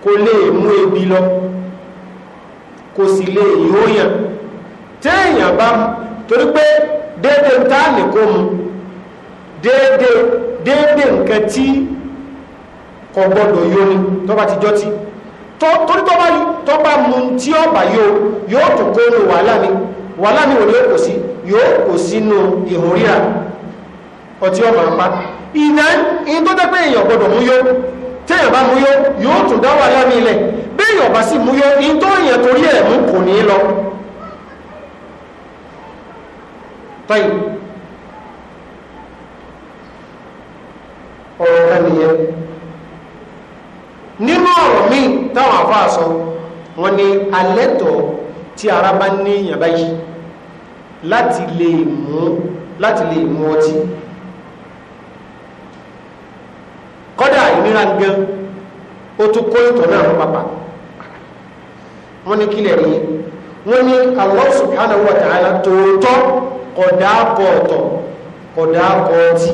kò lè mú ebi lọ kò sì lè yóòyàn téèyàn bá mú torí pé déédéé ń tá lè mu déédéé déédéé nǹkan tí kò gbọdọ̀ yó ni tó bá ti jọ́ tí torí tó bá tó bá mu tí ọba yó yóò tún kó nu wàhálà mi wàhálà mi ò ní kò sí yóò kò sínú ìhòríra ọtí ọba ń pa ìná in tó dẹ́pẹ́ èèyàn gbọdọ̀ mú yó téèyàn bá mú yó yóò tún dá wàhálà mi ilẹ̀ béèyàn bá sì mú yó in tó èèyàn torí ẹ̀ mú kò ní lọ. tọ́yì ọ̀rọ̀ kan nínú ọ̀rọ̀ míì táwọn àfáà sọ wọn ni alẹ́ tọ̀ tí ara bá ní èèyàn báyìí láti lè mú láti lè mú ọtí. kọ́dà ìnira gan ó tún kó ìtọ̀ náà mú papà wọ́n ní kílẹ̀ rí wọ́n ní Allah subhanahu wa ta'ala tòótọ́ ọ̀tọ̀ kọ̀dá ọtí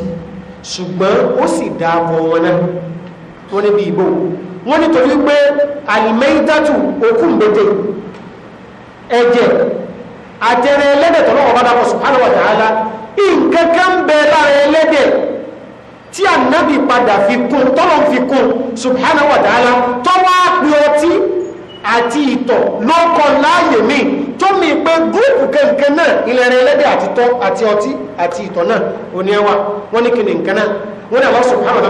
ṣùgbọ́n ó sì dá wọn náà wọ́n ní bí ìbò wọ́n ní torí pé ẹ̀jẹ̀ àtẹrẹ ẹlẹ́dẹ̀ tọ́lọ́wọ́ bá tí ànábì padà fi kún tọ́lọ̀ fi kún subhanahu wa ta'ala tó wá pé ọtí àti ìtọ̀ ló kọ láàyè mi tó mi pé gúrùpù kẹ̀kẹ́ náà ìlẹ̀rẹ̀ ẹlẹ́dẹ̀ àti tọ́ àti ọtí àti ìtọ̀ náà ò ní ẹwà wọ́n ní kìnnì nǹkan náà wọ́n ní Allah subhanahu wa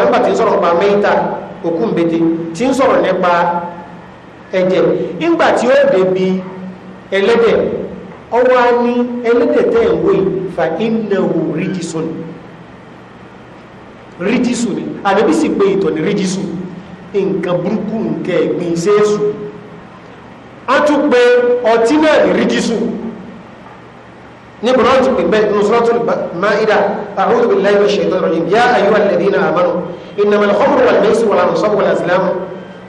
ríjísù ni àdébí sì pé ìtọ̀ ní ríjísù nǹkan burúkú nǹkan ẹ̀gbin séèsù a tún pé ọtí náà ní ríjísù níbo náà ti pè bẹ́ẹ̀ nínú suratul Maida a'udhu billahi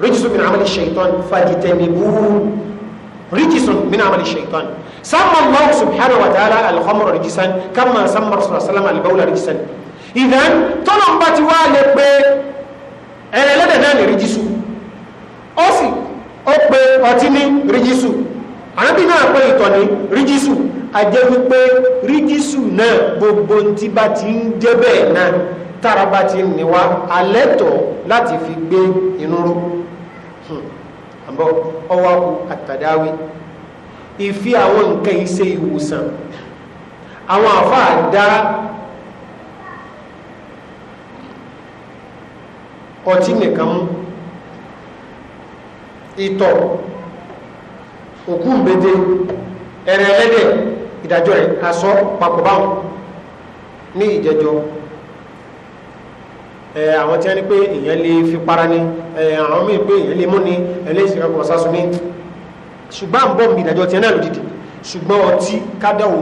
min amali shaitan fajtanibuhu رجس من عمل الشيطان سمى الله سبحانه وتعالى الخمر رجسا كما سمى رسول الله صلى الله ìdán tọ́nà ń bá ti wá lè pé ẹlẹ́lẹ́dẹ̀ náà ni ríjísù ó sì ó pé ọtí ní ríjísù àrábí náà pé ìtọ̀ ní ríjísù ajẹ́ wípé ríjísù náà gbogbo tí bá ti ń jẹ́ bẹ́ẹ̀ náà tára bá ti ń níwá alẹ́tọ̀ láti fi gbé inú ró hmm. àbọ̀ àtàdáwí ìfi àwọn nǹkan iṣẹ́ ìwòsàn àwọn àfáà ọtí nìkan mú ìtọ̀ òkú mbete ẹ̀rẹ̀ ẹlẹ́dẹ̀ ìdájọ́ rẹ̀ asọ́ papọ̀ báwọn ní ìjẹjọ́ àwọn tí wọ́n ní pé èèyàn lè fi para ni ẹ àwọn míì pé èèyàn lè mú ni ẹlẹ́sìn kankan sásun ní ṣùgbọ́n à ń bọ̀ mí ìdájọ́ tiẹ̀ náà lòdìdì ṣùgbọ́n ọtí kádà ò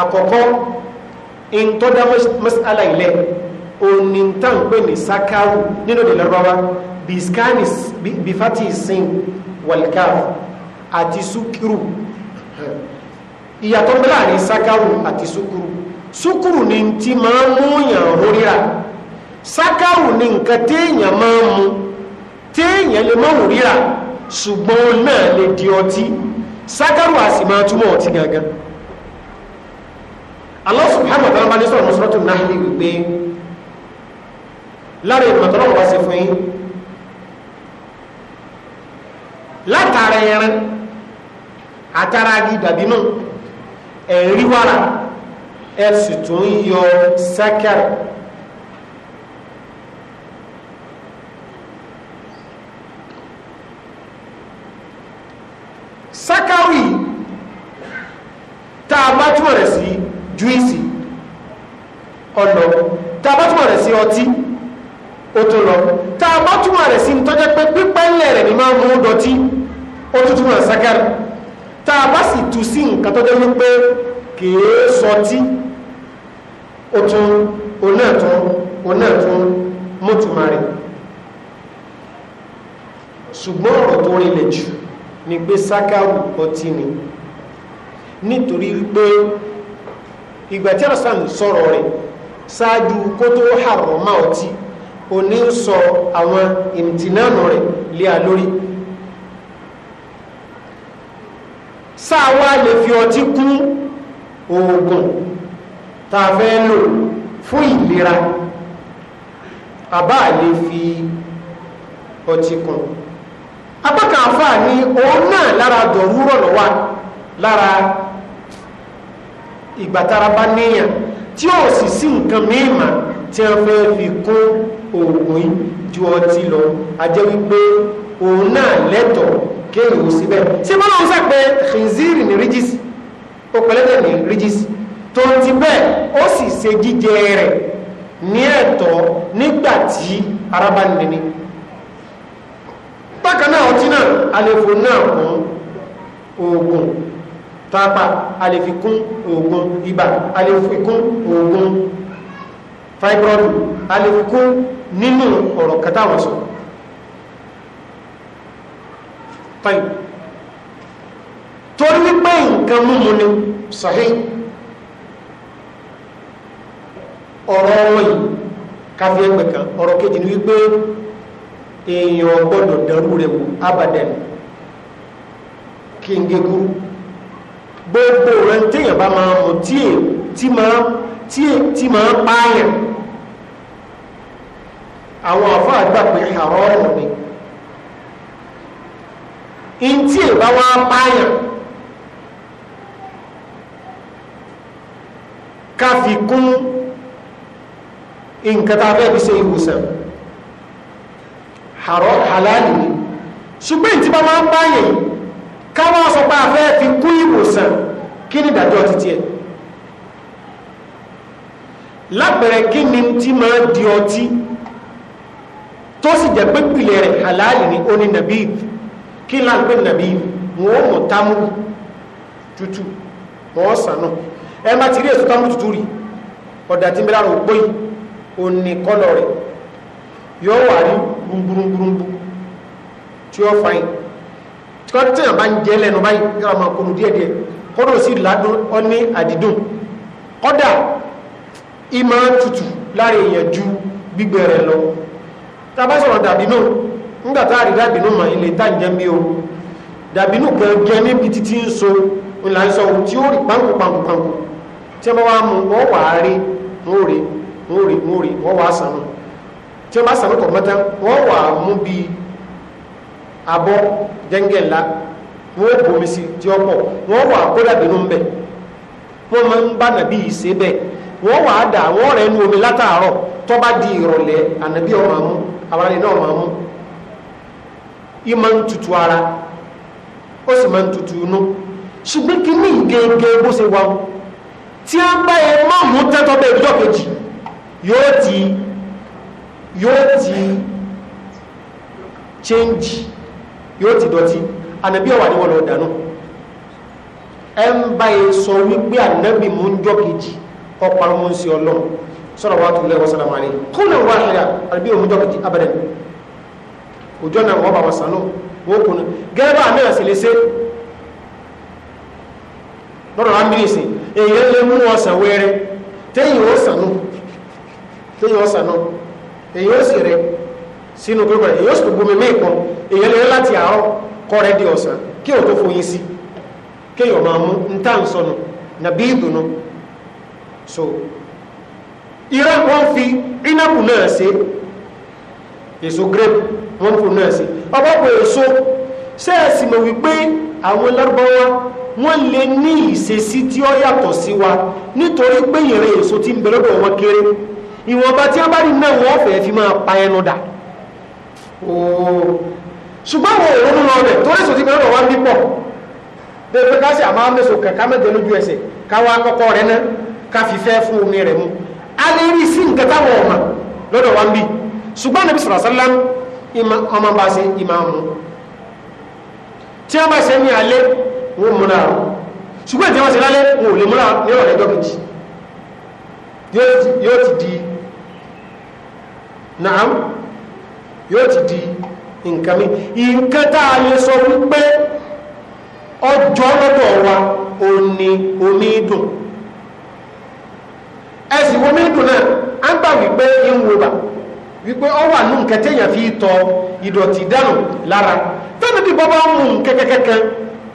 àkọ́kọ́ ń mọ́sálà ilẹ̀ onintangbe ni sakaru nínú ìdè lọ́rọ́wá biskanis bifati sin walkaf àti sukuru ìyàtọ̀ bẹ́ẹ̀ láàrin sakaru àti sukuru sukuru ni ti máa ń múyàn rírà sakaru ni nǹkan téèyàn máa ń mu téèyàn lè máa ń rírà ṣùgbọ́n náà di ọtí sakaru a sì máa túmọ̀ ọtí gangan Allah subhanahu wa ta'ala bá ní sọ̀rọ̀ suratul Nahl wípé lára ìmọ̀tọ́nà wọ́n sí fún yín látara ẹran àtara agi dàbí náà ẹ̀rí wàrà ẹ sì tún yọ sẹ́kẹ̀rẹ̀ sákàwì tá a bá túmọ̀ rẹ̀ sí júìsì ọ̀nà tá a bá túmọ̀ rẹ̀ sí ọtí ó tó lọ tá a bá túmọ̀ rẹ̀ sí tọ́jẹ́ pé pípẹ́lẹ̀ rẹ̀ ni máa ń mú dọtí ó tó túmọ̀ sákàrì tá a bá sì tu sí nǹkan tọ́jẹ́ wípé kìí sọtí ó tún onáàtún onáàtún mọ́tùmá rẹ̀ ṣùgbọ́n ọ̀rọ̀ tó rinlẹ̀ jù ni pé sákàrù ọtí ni nítorí wípé ìgbà tí àrùsàn sọ̀rọ̀ rẹ̀ ṣáájú kó tó hàrọ̀ máa ọtí òní ń sọ àwọn ìmìtìnánù rẹ̀ lé saa lórí sáàwá lè fi ọtí kún oògùn tá lò fún ìlera àbá lè fi ọtí kún apákan àfáà ní òun náà lára dọ̀rúrọ̀ lọ́wọ́ lára ìgbàtara bá níyàn tí ó sì sí nǹkan mímọ̀ tí fi kún oògùn yìí ju ọtí lọ ajẹ́ wípé òun náà lẹ́tọ̀ọ́ kéèyàn ò síbẹ̀ ṣé bọ́lá òun sàpé khinziri ní rígis ó pẹ̀lẹ́dẹ̀ ní rígis tó ti bẹ́ẹ̀ ó sì ṣe jíjẹ rẹ̀ ní ẹ̀tọ́ nígbà tí ara bá nílẹ̀ ni bákan náà ọtí náà àlefò náà kún oògùn tápà àlefikún oògùn ibà àlefikún oògùn fibroid a lè kó nínú ọ̀rọ̀ kẹta wọn sọ tọ́yì torí wípé nǹkan múmu ni sọ̀hí ọ̀rọ̀ ọ̀rọ̀ yìí káfí ẹgbẹ̀ kan ọ̀rọ̀ kejì ni wípé èèyàn gbọ́dọ̀ dẹrú rẹ̀ wò abadan kí n gbogbo rẹ̀ bá máa mọ̀ tí tí máa pààyàn àwọn àfọ àgbà pé àrọ́ọ̀rọ̀ ni ntí ìbá wa pààyàn ká fi kún nǹkan tá a fẹ́ fi ṣe ìwòsàn àlàálì ni ṣùgbọ́n tí bá máa ń pààyàn ká wá sọ pé a fẹ́ fi kún ìwòsàn kí ni ìdájọ́ títí ẹ̀ lábẹ̀rẹ̀ kí ni tí máa di ọtí tó sì jẹ́ pé pìlẹ̀ rẹ̀ halali ni ó ní nàbí kí n láti pé nàbí wọn ó mọ̀ támú tútù wọn ó sàn náà ẹ má ti rí èso támú tútù rí ọ̀dà tí mìíràn òpó yìí ó ní kọ́lọ̀ rẹ̀ yóò wà rí gbùngbùngbùngbù tí ó fa tí wọ́n ti bá ń jẹ́ lẹ́nu báyìí kọ́dọ̀ sí ládùn ọ ní àdídùn kọ́dà i tutù lára èèyàn ju gbígbẹ rẹ̀ lọ tàbá dàbínú nígbà tá dàbínú ma ilé tá o dàbínú gẹ́gẹ́ níbi títí ń so ńlá ohun tí ó rí pàǹkù pàǹkù pàǹkù tí wọ́n wá mú wọ́n wà á rí wọ́n rí wọ́n wọ́n wà á tí kọ̀ wọ́n wà á mú bí abọ́ gẹ́ngẹ́ ńlá wọ́n bomi sí tí pọ̀ wọ́n wà á kó dàbínú ń wọ́n wà á dà wọ́n rẹ̀ nu omi látàárọ̀ tó bá di ìrọ̀lẹ́ ànábí ọmọ àmú àwárí náà ọmọ àmú ìmọ̀ ń tutù ara ó sì máa ń tutù inú ṣùgbọ́n kí ní gẹ́gẹ́ bó ṣe wà tí a bá ẹ máa mú tẹ́tọ́ bẹ́ẹ̀ ìjọ kejì yóò ti yóò ti change yóò ti dọ̀tí ànábí ọ̀wà ni wọ́n lọ dànù ẹ ń bá ẹ sọ wípé ànábì mú ń jọ kejì ọparun sí ọlọ́run sọ́rọ̀ wá tó lẹ́wọ́ sọ́rọ̀ máa ní kúlẹ̀ wá ṣẹlẹ̀ àbí òun jọ́kọ̀ tí abẹ́rẹ́ òjò náà wọ́n bá wọn sànú wọ́n kùnú gẹ́gẹ́ bá àmì àṣìlẹ̀ ṣe lọ́rọ̀ á mìíràn sí èèyàn lè mú wọn sàn wẹ́rẹ́ tẹ́yìn wọn sànú tẹ́yìn wọn sànú èèyàn ó sì rẹ sínú so iraq wọ́n fi inapu náà ṣe èso grape wọ́n fò náà se ọ̀pọ̀pọ̀ èso sẹ́ẹ̀sì mọ̀ wípé àwọn lárúbáwá wọ́n lè ní ìṣesí tí ó yàtọ̀ sí wa nítorí pé ìrìn èso tí ń bẹ lọ́dọ̀ wọn kéré ìwọ̀nba tí wọ́n bá rí náà wọ́n fẹ́ fi máa pa ẹnu dà ṣùgbọ́n àwọn òun lọ rẹ̀ torí èso tí bẹ lọ́dọ̀ wọn bí pọ̀ bẹ́ẹ̀ pé ká sì àmọ́ mẹ́sàn kẹ̀kẹ́ mẹ́jọ lójú ẹsẹ̀ káwa kọ́kọ́ rẹ̀ náà káfífẹ́ fún omi rẹ̀ mu a lè rí sí nǹkan táwọn ọmọ lọ́dọ̀ wa ń bí ṣùgbọ́n nàbí sàrásálám ọmọ bá ṣe ìmáàmù tí wọ́n bá ṣe ní alẹ́ wọn múra rẹ̀ ṣùgbọ́n tí wọ́n ṣe lálẹ́ wọn lè múra ní ọ̀rẹ́ ọjọ́ kejì yóò ti di naam yóò ti di nǹkan mi nǹkan tá a lè sọ wípé ọjọ́ lọ́dọ̀ wa ò ní omi dùn ẹ̀sìn wọn mílíkù náà á ń gbà wípé ń wo bà wípé ọ wà ní nǹkan téèyàn fi tọ ìdọ̀tí dànù lára tẹ́lẹ̀ bí bọ́bá mú nǹkan kẹ́kẹ́kẹ́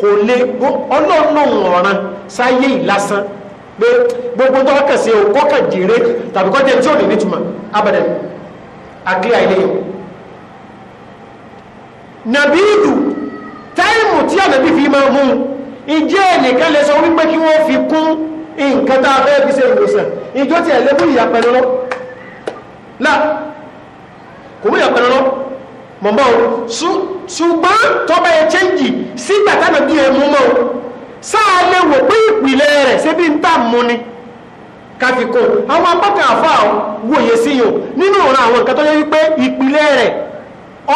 kò lè ọlọ́run ọ̀ràn sáyé ìlásán pé gbogbo tó wákà sí o kọ́kà jèrè tàbí kọ́jẹ tí ò ní nítumọ̀ abẹ́rẹ́ àkíyà ilé yẹn nàbí ìdù táìmù tí ànàbí fi máa mú ìjẹ́ ẹnìkan lè sọ wípé kí wọ́n fi kún nǹkan tá a fẹ́ fi ṣe ìwòsàn ìjọ tí ẹ̀ lébú ìyàpẹ̀rẹ̀ lọ là kò mú ìyàpẹ̀rẹ̀ lọ mọ̀mọ́ o ṣùgbọ́n tọ́ba ẹ̀ chẹ́ǹjì sígbà tánà bí ẹ̀ mú mọ́ o sáà lè wò pé ìpìlẹ̀ rẹ̀ ṣe bí ń tà mú ni káfíkó àwọn apákan àfa wòye sí yòó nínú àwọn nǹkan tó yẹ wípé ìpìlẹ̀ rẹ̀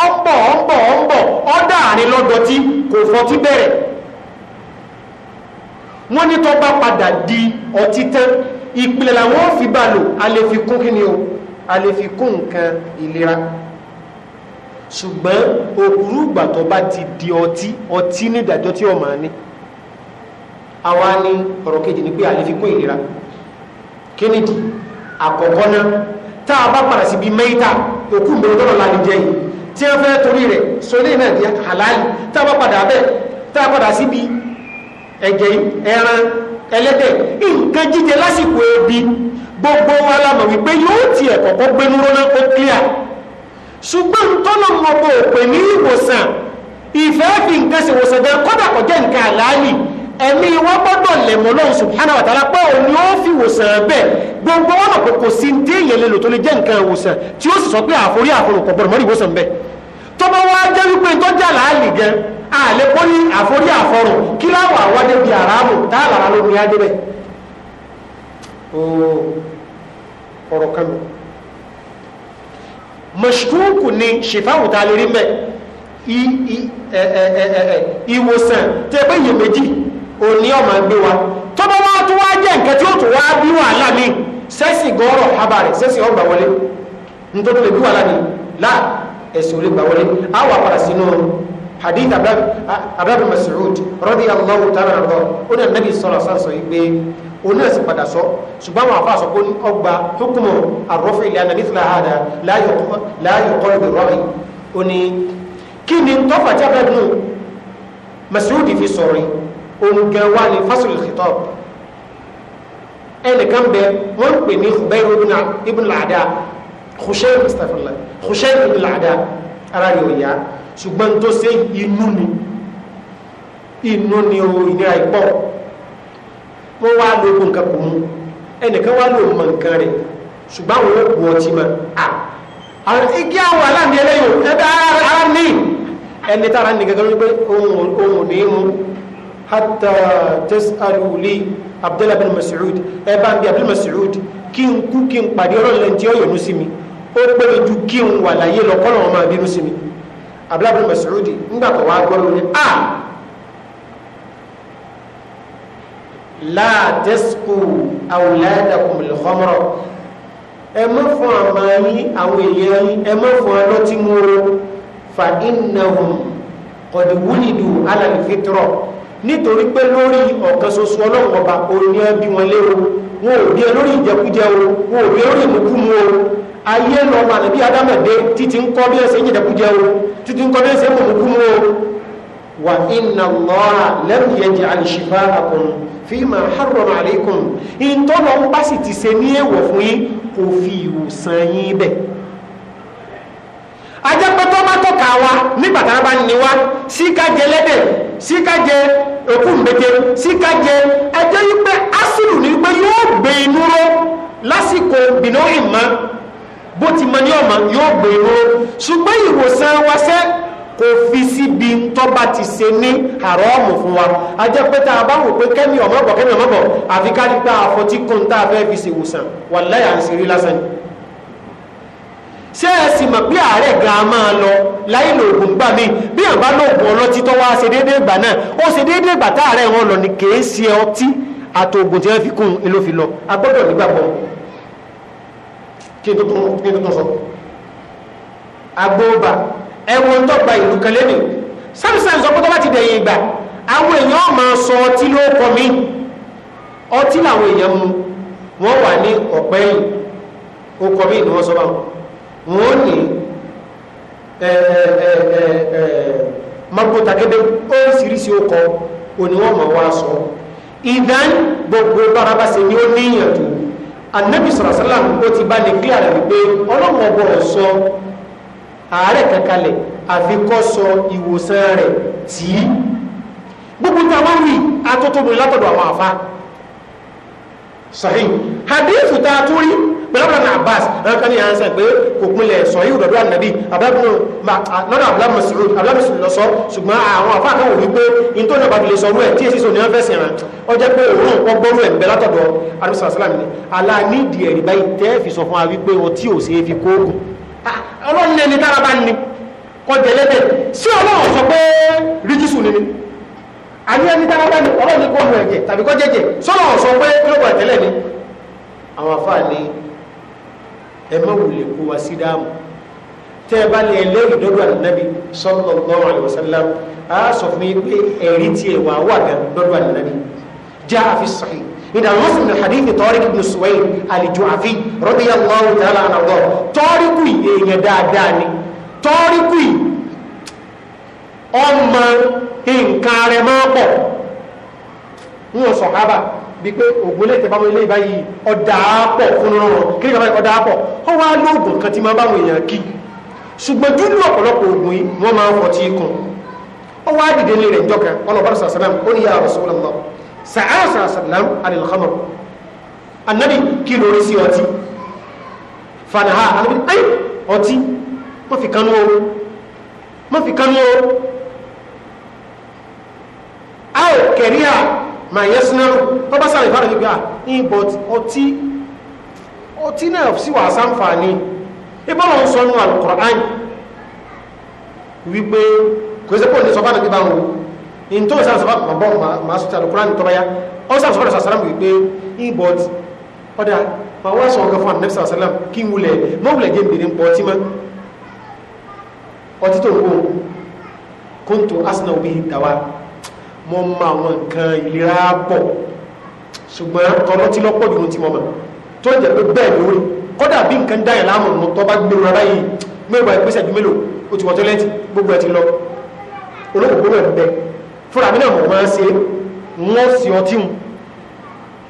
ọ̀pọ̀ ọ̀pọ̀ ọ̀pọ̀ ọ̀dà àrílọ́dọ̀tí kò fọ́ tí bẹ̀rẹ̀ wọ́n ní tó bá padà di ọtí tán ìpìlẹ̀ làwọn ò fi bá lò a lè fi kún kí ni o a lè fi kún nǹkan ìlera ṣùgbọ́n òkúrú ìgbà tó bá ti di ọtí ọtí ní ìdájọ́ tí ọmọ ní àwa ní ọ̀rọ̀ kejì ni pé a lè fi kún ìlera kí àkọ́kọ́ náà tá a bá padà síbi mẹ́ta òkú mẹ́rin tọ́lọ̀ láti halali tá a bá padà bẹ́ẹ̀ ẹ̀jẹ̀ ẹran ẹlẹ́dẹ̀ nǹkan jíjẹ lásìkò ebi gbogbo wa la mọ̀ wípé yóò tiẹ̀ kọ́kọ́ gbénú rọ́nà ó clear ṣùgbọ́n tọ́lọ̀ mọ̀bọ̀ òpè ní ìwòsàn ìfẹ́ fi nǹkan sí ìwòsàn gan kọ́dà kọjẹ́ nǹkan àlàálì ẹ̀mí wa gbọ́dọ̀ lẹ̀mọ́ lọ́hùn subhanahu wa ta'ala pé òun ni ó fi ìwòsàn bẹ́ẹ̀ gbogbo wọn mọ̀ pé kò sí ní èèyàn lè lò tó lè jẹ́ nǹkan ìwòsàn tí ó sì sọ pé àforí àforò kò gbọdọ̀ mọ́rí ìwòsàn bẹ́ẹ̀ tọ́mọ wa jẹ́ wípé tọ́jà làálì gan àlepọ́ ní àforí àfọrùn kí láwọn àwọ́dé bíi àràmù táàlàrà lórí adébẹ̀ ọ̀rọ̀ kanu mọ̀ṣkúùkù ni ṣèfáwùta lè rí mẹ́ ìwòsàn tẹ́gbẹ́ yìí méjì òní ọmọ gbé wa tọ́bọ́ wá tó wá jẹ́ nǹkan tí ó tó wá bí wàhálà ní sẹ́sì gọ́ọ̀rọ̀ habarẹ̀ sẹ́sì ọgbà wọlé nítorí lè bí wàhálà ní láà ẹ̀sùn lè gbà wọlé á wà padà sínú hadith abdul mas'ud radiyallahu ta'ala anhu ó ní anabi sọ̀rọ̀ sánsọ yìí pé òun náà sì padà sọ ṣùgbọ́n àwọn afa sọ pé ọgbà hukumu arọ́fẹ́ ilẹ̀ anabi fúnra hàdà láàyò kọ́ ibi rọ́ọ̀rì ó ní kí ni tọ́fà tí abdul mas'ud fi sọ̀rọ̀ òun gan wà ní fasul khitab ẹnìkan bẹ wọ́n pè ní Khubayr ibn al-Ada Khushaym astaghfirullah Khushaym ibn al ara yóò yá ṣùgbọ́n tó ṣe inú ni inú ni o ìnira ìpọ̀ wọ́n wá lo ogun nǹkan kò mú ẹnìkan wá lo mọ̀ nǹkan rẹ̀ ṣùgbọ́n àwọn òkú ọtí ma a àwọn igi àwọn aláàmì ẹlẹ́yìn ẹ̀dá ara ní ẹni tára ní gẹ́gẹ́ wípé ohun ní mú hatta tas'alu li abdullahi bin mas'ud ẹ bá ń bi abdullahi mas'ud kí n kú kí n pàdé ọlọ́run lẹ́ni tí sí mi ó pé ju kí n wà láyé lọ kọ́lọ̀ wọn máa sí mi abúlábùn masoudi ńgbàtọ̀ wá gbọ́rọ̀ ní a láàdẹ́sùkú àwòlẹ́dàkùn lọ́mọ́rọ̀ ẹ mọ́ fún àmà yí àwọn èèyàn yí ẹ mọ́ fún ọlọ́tí mú o fa innahum qad wulidu ala al-fitra nítorí pé lórí ọ̀kan ṣoṣo ọlọ́run ọba orí wọn lé wọn ò bí ẹ lórí ìjẹkújẹ o wọn ò bí ẹ lórí ìmúkúmu o ayé lọ mà níbi adámẹ̀dé títí ń kọ́ bí ẹsẹ̀ yìndẹ̀kújẹ́ o títí ń bí ẹsẹ̀ mọ̀mùkúmù o wà inna Allaha lam yaj'al shifa'akum fima harrama alaykum ìtọ́nà ń bá sì ti ṣe ní èèwọ̀ fún yín kò fi ìwòsàn yín bẹ̀ ajẹ́pẹ́tọ́ bá tọ́ka wa nígbàtà bá ní wa síkájẹ lẹ́dẹ̀ síkájẹ òkú mbete síkájẹ ẹjẹ́ yí pé asìlù ní pé yóò gbé inú ró lásìkò bìnú ìmọ̀ bó ti mọ ní ọmọ yóò gbèrò e ṣùgbọ́n ìwòsàn wasẹ́ kò fi síbi tọ́ba ti ṣe ní àrọ́ọ̀mù fún wa a jẹ́ pé tá a bá wò pé kẹ́mi ọmọ bọ̀ kẹ́mi ọmọ bọ̀ àfi ká nípa àfọtí kún tá a fẹ́ fi ṣe ìwòsàn wà láyà ń ṣeré lásán ni. ṣé ẹ sì mọ̀ pé àárẹ̀ gan máa lọ láì lo oògùn gbà mí bí àbá lóògùn ọlọ́tí tó wá ṣe déédéé ìgbà náà ó ṣe déédéé ìgbà tá wọn lọ ni kèé ṣe ọtí àtòògùn tí wọ́n fi kún un ló fi lọ agbọ́dọ̀ nígbàgbọ́ kí n tó sọ agbóba ẹwọ tó gba ìlú kan lẹ́nu samson sọ pé tó bá ti dẹ̀yìn ìgbà àwọn èèyàn máa sọ ọtí ló kọ mí ọtí làwọn èèyàn mu wọ́n wà ní ọ̀pẹ́ yìí ó kọ mí ni wọ́n sọ báwọn wọ́n ní mọ́kútàgédé oríṣiríṣi ọkọ̀ òní wọ́n mọ̀ wá sọ ìdán anabi sọ̀rọ̀ sálàm ó ti bá lè clear rẹ̀ wípé ọlọ́run ọ̀bọ̀ sọ àárẹ̀ kankanlẹ̀ àfikọ́ sọ ìwòsàn rẹ̀ tì í gbogbo táwọn wí atótóbi látọ̀dọ̀ àwọn àfa sahih hadithu ta turi bilabla na abbas an kan yan san pé ko kunle sahih dodo annabi ababnu ma lọ́dọ̀ abla mas'ud abla mas'ud ló sọ ṣùgbọ́n àwọn afa kan wí pé in to na ba le so ru e ti esi so ni an fẹ́ sin fi sọ fún a wí fi ko ogun ah Ọlọ́run ni ni tara ba ni ko àní ẹni tára bá ní ọlọ́run ní kó lu ẹ̀jẹ̀ tàbí kó jẹ́jẹ̀ sọ́nà ọ̀sán pé kílọ̀bù ẹ̀tẹ́lẹ̀ ni àwọn afáà ní ẹ má wulẹ̀ kó wa sí dáàmú tẹ́ ẹ bá lè lẹ́yìn dọ́dọ̀ ànábì sallallahu alaihi wasallam á sọ fún yín الله تعالى عنه وارضاه طارق يدا داني طارق nǹkan rẹ̀ máa pọ̀ ń wọ sọ̀hábà bíi pé ògùn lè tẹ̀ báwọn ilé ìbáyìí ọ̀dà pọ̀ fún un rọrùn kí nìkan báyìí ọ̀dà pọ̀ ó wá lóògùn kan tí máa báwọn èèyàn kí ṣùgbọ́n dúdú ọ̀pọ̀lọpọ̀ ògùn yìí wọ́n máa ń fọtí ikùn ó wá dìde ní rẹ̀ njọ́kan ọlọ́bàrà Rasulullah sàá sàlám anil khamr anabi kí lórí sí ọtí fanaha anabi ayé ọtí má fi kanú a ò kẹ̀rí à mà yẹ sinamu tó bá sàrè fáwọn ìgbà ní but ọtí ọtí náà sì wà sáǹfààní ibà wọn sọ nù alukur'an wípé kò sí pé òní sọ fáwọn ìgbà wọn ní tó ń sàn sọ fáwọn ìgbà bọ́ màá sọ ti alukur'an tó bá yá ọ sàn sọ fáwọn ìgbà wípé ní but ọ̀dà ma wá sọ ọ̀gá fún ànàbí sàlám kí n wulẹ̀ mọ́ wulẹ̀ jẹ́ mbèrè mpọ̀ ọtí ma ọtí tó ń kó kóńtò asinaw bíi dàwa mo mọ àwọn nǹkan ìlera pọ̀ ṣùgbọ́n tọlọ́tí lọ́pọ̀ jù tí mo mọ̀ tó jẹ́ pé bẹ́ẹ̀ lórí kódà bí nǹkan dáyà láàmú mo tọ́ bá gbèrú ara yìí mẹ́wàá ìpèsè ju mélòó o ti wọ tọ́lẹ́tì gbogbo ẹ̀ ti lọ olóògbé rẹ̀ bẹ́ẹ̀ fúnra mi náà mo máa ń ṣe wọ́n sì ọtí mu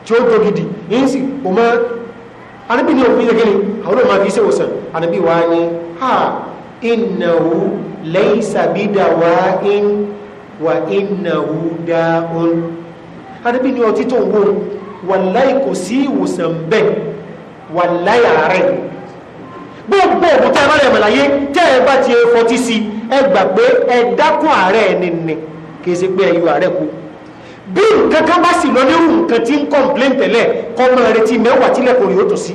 tí ó tó gidi yìí o máa anábì ní òfin yẹgẹ́ni àwọn ọmọ fi ṣe òsàn laysa bidawain wà innahu da'un adébí ni ọtí tó ń wó wàláì kò sí ìwòsàn bẹ́ẹ̀ wàláì àárẹ̀ gbogbo ògùn tẹ́ ẹ bá rẹ̀ mọ̀láyé tẹ́ ẹ bá ti fọtí sí ẹ gbà pé ẹ dákun àárẹ̀ nìní kì í ṣe pé ẹ yọ àárẹ̀ kú bí nǹkan kan bá sì lọ nírú nǹkan tí ń kọ̀m̀plẹ́ǹ tẹ́lẹ̀ kọ́mọ retí mẹ́wàá tílẹ̀ kò rí ó tó sí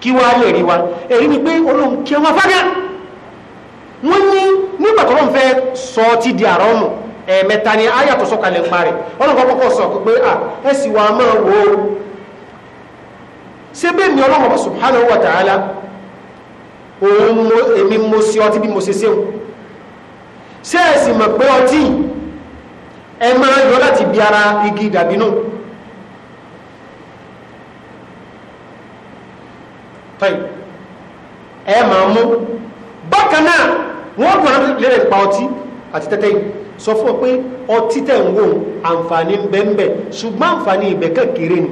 kí wàá lè rí wa èyí ni pé olóhùn kí ẹ wọn wọ́n ní nígbà tó lọ́n fẹ́ sọ ti di àrọ́mù ẹ̀ẹ̀mẹ́ta ni àyà tó sọ̀kalẹ̀ ń parẹ̀ ọlọ́run sọ pé à ẹ sì wà máa wò ó ṣé bẹ́ẹ̀ ni ọlọ́run ọba subhanahu wa ta'ala òun mo èmi mo ṣe ọtí bí mo ṣe ṣeun ṣé ẹ ma mọ̀ pé ọtí ẹ máa ara igi ẹ máa mú bákan wọ́n gbọ́n lérè pa ọtí àti tẹ́tẹ́ yìí sọ fún ọ pé ọtí tẹ̀ ń wò àǹfààní bẹ́ẹ̀nbẹ́ ṣùgbọ́n àǹfààní ibẹ̀ kékeré ni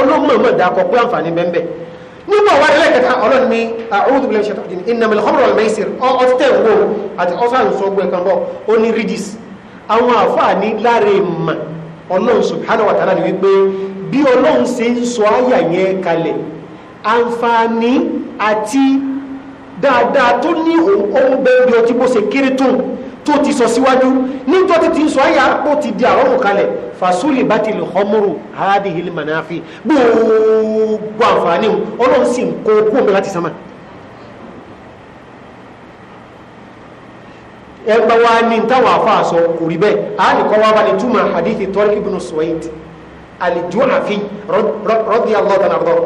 ọlọ́mọọmọ dàkọ pé àǹfààní bẹ́ẹ̀nbẹ́ nígbà wà lẹ́lẹ́ kẹta ọlọ́run ní a'udhu billahi minash shaitani innamal khamru wal maisir ọtí tẹ̀ ń wò àti ọsàn sọgbọ ẹ̀kan bọ̀ ó àti dáadáa tó ní ohun bẹ́ẹ̀bí ọtí bó ṣe kéré tó tó ti sọ síwájú níjọ́ ti ti sọ ayà ó ti di àrọ́rùn kalẹ̀ fasúlì bá ti lè họmúrù háàdì hìlì mànáfi gbogbo àǹfààní ọlọ́run sì ń kó kú omi láti sánmà ẹgbẹ́ wa ní táwọn àfáà sọ kò rí bẹ́ẹ̀ a nìkọ́ wa bá ní túmọ̀ hadithi tọ́rí ibùnú sọ̀yìntì àlejò àfi rọ́dí alọ́dà náà rọ́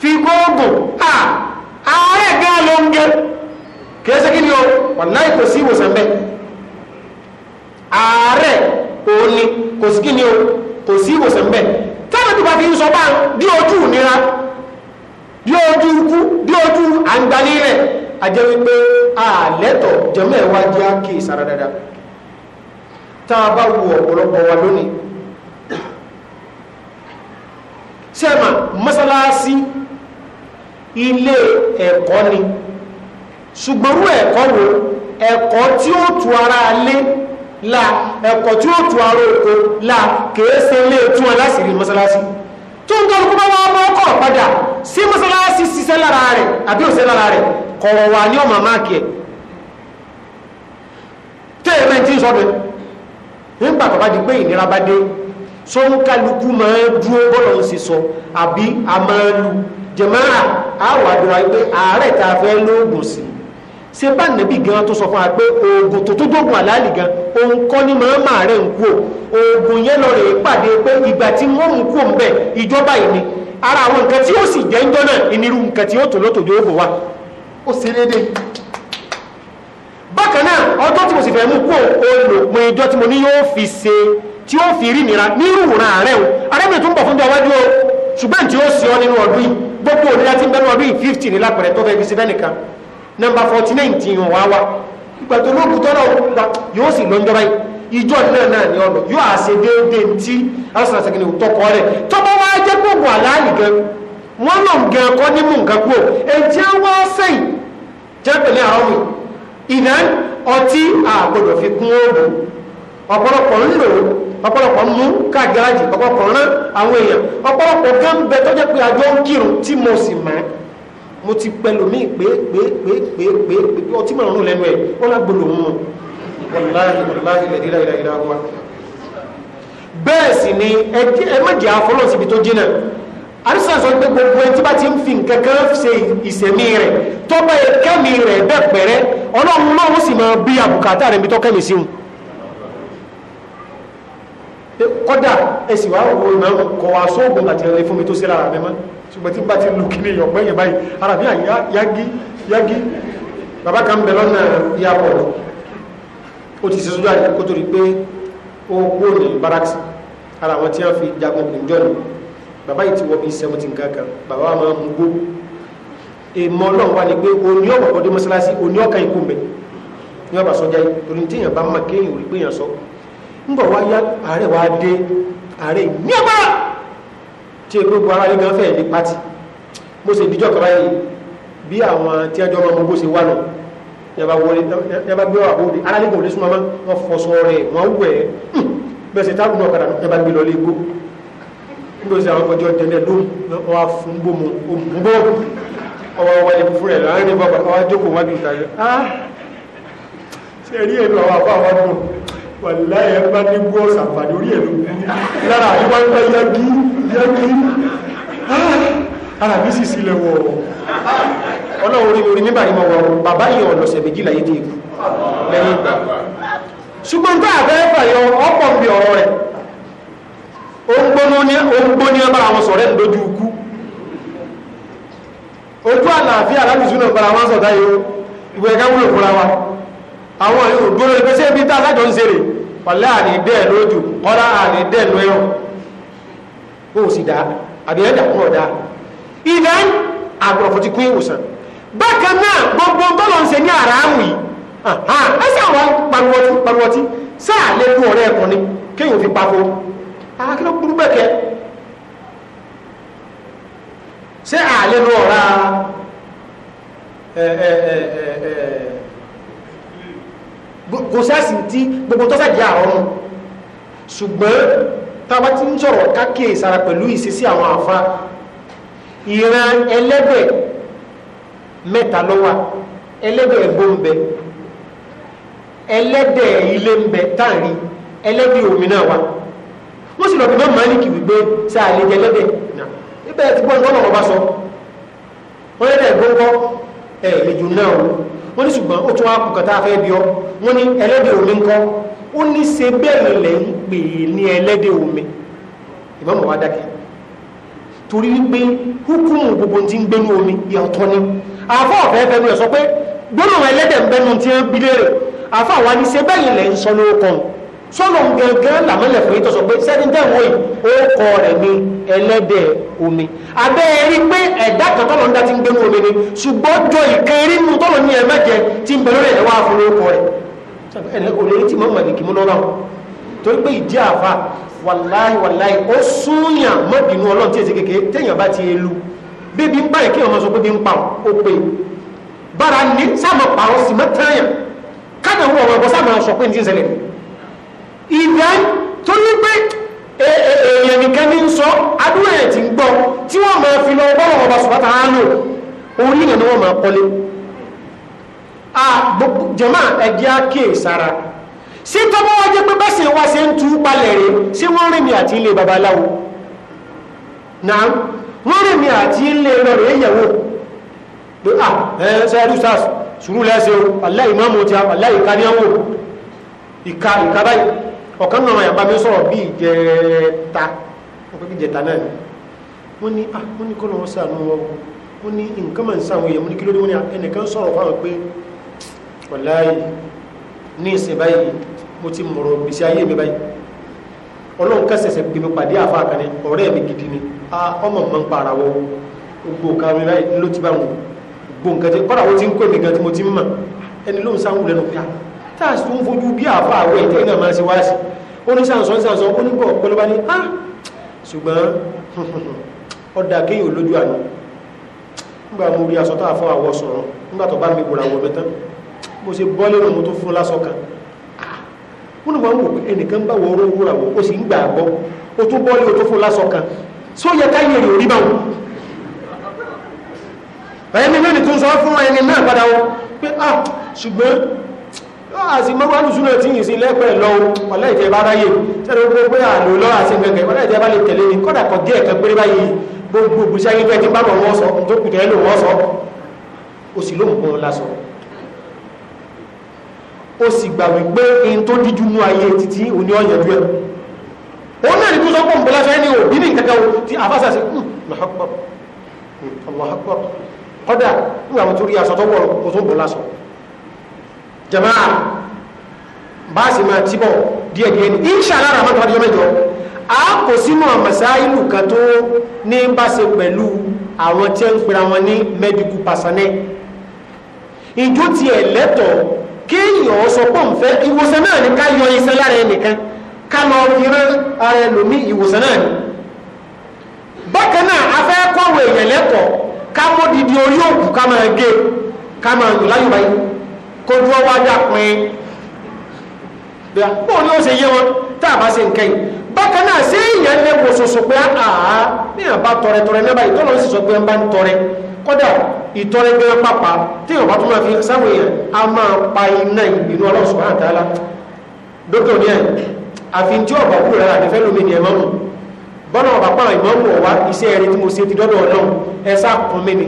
fi gbóògùn à ààrẹ gan ló ń gẹ kìí kí ni o wàláì kò sí ìwòsàn bẹ́ẹ̀ ààrẹ òun ni kò sí kí ni o kò sí ìwòsàn bẹ́ẹ̀ táwọn tó bá fi ń sọ bá bí ojú nira bí ojú ikú bí ojú àǹgbálí rẹ̀ ajẹ́ wípé àlẹ́tọ̀ jẹ́mọ́ ẹ̀wá jẹ́ kí ìsára dáadáa tá a bá wo ọ̀pọ̀lọpọ̀ wa lónìí sẹ́mà mọ́sálásí ilé ẹ̀kọ́ ni ṣùgbọ́n ẹ̀kọ́ wo ẹ̀kọ́ tí ó tu ara lé la ẹ̀kọ́ tí ó tu ara oko la kèése lé tún aláṣìírí mọ́sálásí tó ń gbọ́ ọkọ́ bá wọ́n kọ̀ padà sí mọ́sálásí ṣiṣẹ́ lára rẹ̀ àbí òṣẹ́ lára rẹ̀ kọ̀rọ̀ wà ní ọmọ máàkì ẹ̀ tẹ́ẹ̀mẹ́ tí ń sọ́dọ̀ nígbà tó bá di pé ìnira bá dé sọ́nkálukú máa dúró bọ́lọ̀ ń ṣe sọ àbí a máa lu jẹ̀máà àwọn àdúrà wípé ààrẹ tá a fẹ́ lóògùn sí ṣé bá nàbí gan tó sọ fún wa pé oògùn tó tó dógùn àlàálì gan òun kọ́ ni màá máa rẹ̀ ń kú o oògùn yẹn lọ rèé pàdé pé ìgbà tí wọ́n ń kú òun bẹ̀ ìjọba yìí ni ara àwọn nǹkan tí ó sì jẹ́ ń jọ́nà ìnirú nǹkan tí ó tò lótòjó ó bò wá ó ṣe déédéé bákan náà ọjọ́ tí mo sì fẹ́ mú kú olùpin ìjọ tí mo ní yóò fi ṣe tí ó fi rí nira nírú ìran àárẹ̀ o arẹ́bìnrin tó ń bọ̀ fún jọ wájú o ṣùgbọ́n tí ó sì ọ nínú ọdún yìí gbogbo òní láti bẹ́nu ọdún yìí fifty ní lápẹ̀rẹ̀ tó fẹ́ fi síbẹ̀ nìkan nọmba forty nine ti yàn wá wá ìgbà tó lóògùn tọ́lọ̀ gba yóò sì lọ njọba yìí ìjọ náà náà ní ọ̀nà yóò àṣe déédéé tí arsenal sẹ́kìnì tọkọ rẹ̀ tọ́ba wá jẹ́ gbogbo àlàyé gan wọ́n lò gan kọ́ ọ̀pọ̀lọpọ̀ mú káà gáràjì ọ̀pọ̀lọpọ̀ rán àwọn èèyàn ọ̀pọ̀lọpọ̀ gán bẹ tó jẹ́ pé àjọ ń kírun tí mo sì mọ̀ mo ti pẹ̀lú mi pé pé pé pé pé pé ọtí mọ̀ ọ̀run lẹ́nu ẹ̀ wọ́n lá gbọ́dọ̀ mú wàláhì wàláhì ìlẹ̀dílà ìlà ìlà wa. bẹ́ẹ̀ sì ni ẹ má jẹ́ àfọlọ́ síbi tó jìnnà àrísàn sọ pé gbogbo ẹni tí bá ti ń fi nǹkan kan ṣe ìsẹ̀mí rẹ̀ tó bá yẹ kẹ́mi rẹ̀ bẹ́ẹ̀ pẹ̀rẹ́ ọlọ́run náà ó sì máa bí àbùkátà rẹ̀ mi tó kẹ́mi sí wọn kọ́dà ẹ̀sìn wà wọ́n ìmọ̀ kọ̀ wá sóògùn àti ẹ̀rẹ́ fún mi tó sí lára mi mọ́ ṣùgbọ́n tí bá ti lu kí ni ọ̀pẹ́ yẹn báyìí ara mi àyági yági bàbá kan bẹ lọ́nà ìyàpọ̀ ó ti ṣèṣojú àyè kó tó rí pé ó kúrò ní barracks ara àwọn tí wọ́n fi jagun kùnjọ́ ni bàbá yìí ti wọ bíi seventeen kankan bàbá wa máa mú gbó èèmọ̀ ọlọ́run wá ni pé oní ọ̀pọ̀ ọdún mọ́ṣáláṣí oní ọ̀ka ikú mbẹ ní ńbọ̀ wá yá ààrẹ wá dé ààrẹ ní agbára tí gbogbo ara lé gan fẹ́ ní pati mo sì díjọ́ kaba yìí bí àwọn tí ẹjọ́ ọmọ gbogbo ṣe wà lọ yaba wọlé yaba gbé wà bóde ara lé kò lé súnmọ́ wọn fọṣọ rẹ̀ wọn wẹ̀ hmm, bẹ́ẹ̀ sì táàbù náà kàdà yaba gbé lọ lé gbó nígbà tí àwọn ọjọ́ tẹ̀lé ló wọn fún gbómo òmùgbó ọwọ́ wọlé fún rẹ̀ lọ́wọ́ ní bàbá wọn jókòó wájú ìtàgé ah ṣe rí èlò àwọn àbá àwọn wàlúùlá yẹn bá ní bú ọ̀sà pàdé orí ẹ̀ ló kú lára àríwá ń bá yági yági ara mi sì sílẹ̀ wọ̀ ọlọ́run orí orí nígbà yìí mọ̀ wọ̀ bàbá yìí ọ̀lọ́sẹ̀ méjìlá yìí dé lẹ́yìn ìgbà ṣùgbọ́n tá a fẹ́ fàyọ ọ̀pọ̀ bí ọ̀rọ̀ rẹ̀ òǹgbó ní ọba àwọn sọ̀rẹ́ lójú ikú ojú àlàáfíà lábùsùn náà bára wọn sọ̀dá yìí ìwé ẹ̀ká wúlò fúnra wa àwọn ògbóró ìgbésẹ̀ ibi tá alájọ ń ṣeré pàlẹ́ àní dẹ́ẹ̀ lójú ọlá àní dẹ́ẹ̀ lóyún ó sì dá àbí ẹ̀dà kún ọ̀dá ìdán àgbọ̀rọ̀fọ̀ ti kún ìwòsàn bákan náà gbogbo tọ́lọ̀ ń ṣe ní àràáwù yìí ẹsẹ̀ àwọn pariwọtí pariwọtí sáà lẹ́nu ọ̀rẹ́ ẹ̀kùn ni kéèyàn fi pafo akíló burú bẹ́kẹ́ ṣé àlẹ́nu ọ̀rá ẹ̀ẹ́ẹ̀ẹ̀ẹ̀ẹ̀ kò sẹ́sì tí gbogbo tó fẹ́ jẹ́ àrọ́rùn ṣùgbọ́n tàbá tí ń sọ̀rọ̀ kákìí sára pẹ̀lú ìṣesí àwọn àfa ìran ẹlẹ́bẹ̀ mẹ́ta lọ́wà ẹlẹ́bẹ̀ ẹ̀gbó ń bẹ ẹlẹ́dẹ̀ ilé ń bẹ táàrí ẹlẹ́dẹ̀ omi náà wà wọ́n sì lọ bí mọ́mọ́ ní kìwì gbé sáà lè jẹ ẹlẹ́dẹ̀ ibẹ̀ ti gbọ́n tọ́lọ̀ ọba sọ wọ́n ní ṣùgbọ́n ó tún wá kù kàtà fẹ́ bí ọ wọ́n ní ẹlẹ́dẹ̀ omi ńkọ́ ó ní ṣe bẹ́ẹ̀ lẹ̀ ń pè ní ẹlẹ́dẹ̀ omi ìmọ̀mọ̀ wá dákẹ́ torí wípé hukumu gbogbo ti ń gbénu omi ìyàtọ̀ ni àfọ̀ ọ̀fẹ́ fẹnu ẹ̀ sọ pé gbóná ẹlẹ́dẹ̀ ń bẹnu ti ń bilé rẹ̀ àfọ̀ àwa ní ṣe bẹ́ẹ̀ lẹ̀ ń sọ lóko sọ́nà gẹ̀gẹ́ làmọ́lẹ̀ fún ìtọ́sọ̀ pé sẹ́ni dẹ́wọ̀ yìí ó kọ rẹ̀ ní ẹlẹ́dẹ̀ omi abẹ́ rí pé ẹ̀dá kan tọ́lọ̀ ń dá ti ń gbénu omi ni ṣùgbọ́n jọ ìkẹrí nínú tọ́lọ̀ ní ẹ̀mẹ́jẹ tí ń bẹ̀rẹ̀ ẹ̀wà fún orúkọ rẹ̀ ẹ̀lẹ́ olè tí mọ́ màlìkì mú lọ́wọ́ torí pé ìdí àfa wàláì wàláì ó súnyàn mọ́bìnú ọlọ́run tí èsì kékeré téèyàn bá ti elu ọ̀rọ̀ ẹ̀bọ̀ sáàmù sọ ní ti ìdá tó ní pé e, e, èèyàn nìkan ní ń sọ adúrà ẹ̀ ti ń gbọ́ tí wọ́n máa fi lọ bọ́rọ̀ ọba sùpátà á lò orí ìyàn ni wọ́n máa kọ́lé jẹ́mà ẹ̀dí ákè sára sí tọ́bọ́ wọ́n jẹ́ pé bẹ́sẹ̀ wá sí ń tú palẹ̀ rẹ̀ sí wọ́n rìn mi àti ilé babaláwo náà wọ́n rìn mi àti ilé rẹ̀ ìyàwó pé lẹ́sẹ̀ o aláìmọ́mù ti aláìkaníyàwó ìka ìka ọ̀kan náà yàgbá mi sọ̀rọ̀ bí ìjẹta wọ́n bí ìjẹta náà ni wọ́n ní ah wọ́n kọ́ lọ́wọ́ wọn wọ́n ní nǹkan mọ̀ ń èèyàn ní kí wọn ni ẹnìkan sọ̀rọ̀ fáwọn pé wàláyé ní ìsìn báyìí mo ti mọ̀rọ̀ gbèsè ayé mi báyìí ọlọ́run kẹsẹ̀sẹ̀ gidi ni ọmọ mọ̀ ń pa ara wọ gbogbo nǹkan mi báyìí ló ti bá wọn gbogbo nǹkan tí kọ́ra wo ti ń kó èmi gan tí táàsì tó ń fojú bí àfà àwẹ̀ tẹ́ náà máa ṣe wá sí oníṣàǹsọ́ ìṣàǹsọ́ onígbọ̀ pẹ̀lú bá ní á ah, ṣùgbọ́n <laughs> ọdà kéyìn olójú àná nígbà mo rí aṣọ táà fọ́ àwọ̀ sọ̀rọ̀ nígbà tó bá mi gbòrò àwọ̀ mẹ́tán mo ṣe bọ́ lẹ́nu mo tó fún lásọ kan wọ́n ah, ní wọ́n wò pé ẹnìkan bá wọ oró wúra wọ̀ ó tún sọ fún ẹni náà padà wọ pé ah ṣùgbọ́n àti ah, mọ́gbà lùsùnà tí yìí sí lẹ́pẹ̀ lọ ọ̀lẹ́ ìtẹ́ bá ráyè tẹ́lẹ̀ gbogbo pé àlò lọ́wọ́ àti gẹ̀gẹ̀ ọ̀lẹ́ ìtẹ́ bá lè tẹ̀lé ní kọ́dà kọ̀ díẹ̀ kan péré báyìí gbogbo gbèsè ayé bẹ́ẹ̀ ti bá wọn sọ tó kù tẹ́ lò wọ́n sọ ó sì lóhùn kan lásọ ó sì gbà wípé in tó díjú mú ayé títí òní ọ̀yẹ̀dú ẹ̀ òun náà ní kó sọ pọ̀ nbẹ̀lá sọ ẹni òbí ní nǹkan tí àfáṣà sí ọ̀dà nígbà wọn tó rí aṣọ tó wọ̀ ọ̀ tó bọ̀ lásọ̀ jamaa baasi ma ti bọ díẹ̀ díẹ̀ ni inshallah rahman tó bá mẹ́jọ a kò sínú àmàsáìlù kan tó ní bá ṣe pẹ̀lú àwọn tí ń pera wọn ní medical personnel ìjó tiẹ̀ lẹ́tọ̀ọ́ kéèyàn sọ pé òun fẹ́ ìwòsàn náà ni ká yọ iṣẹ́ lára ẹnìkan ká lọ fi rán ara ẹlòmí ìwòsàn náà ni bákan náà a fẹ́ kọ́wọ́ èèyàn lẹ́kọ̀ọ́ ká mọ́ didi orí òkú ká máa gé ká máa lò láyò kójú ọwọ́ ajá pin bó ni ó ṣe yé wọn tá a bá ṣe nǹkan yìí bákan náà ṣé èèyàn lè wò soso pé àá ní àbá tọrẹ tọrẹ náà báyìí tọ́lọ́ sì sọ pé ń bá ń tọrẹ kódà ìtọrẹ gbé pápá tí ìwọ̀n bá tún máa fi sáwọn èèyàn a máa pa iná ìbínú Ọlọ́run Subhanahu wa ta'ala dókítà ní ẹ̀ àfi tí ọ̀bà kúrò rárá àdìfẹ́ lómi ni ẹ̀ máa mú bọ́nà ọ̀bà pàrọ̀ ìmọ̀ọ́mù ọ̀wá iṣẹ́ ẹ̀rí tí mo ṣe ti dọ́dọ̀ Ọlọ́run ẹ sá kún mi ni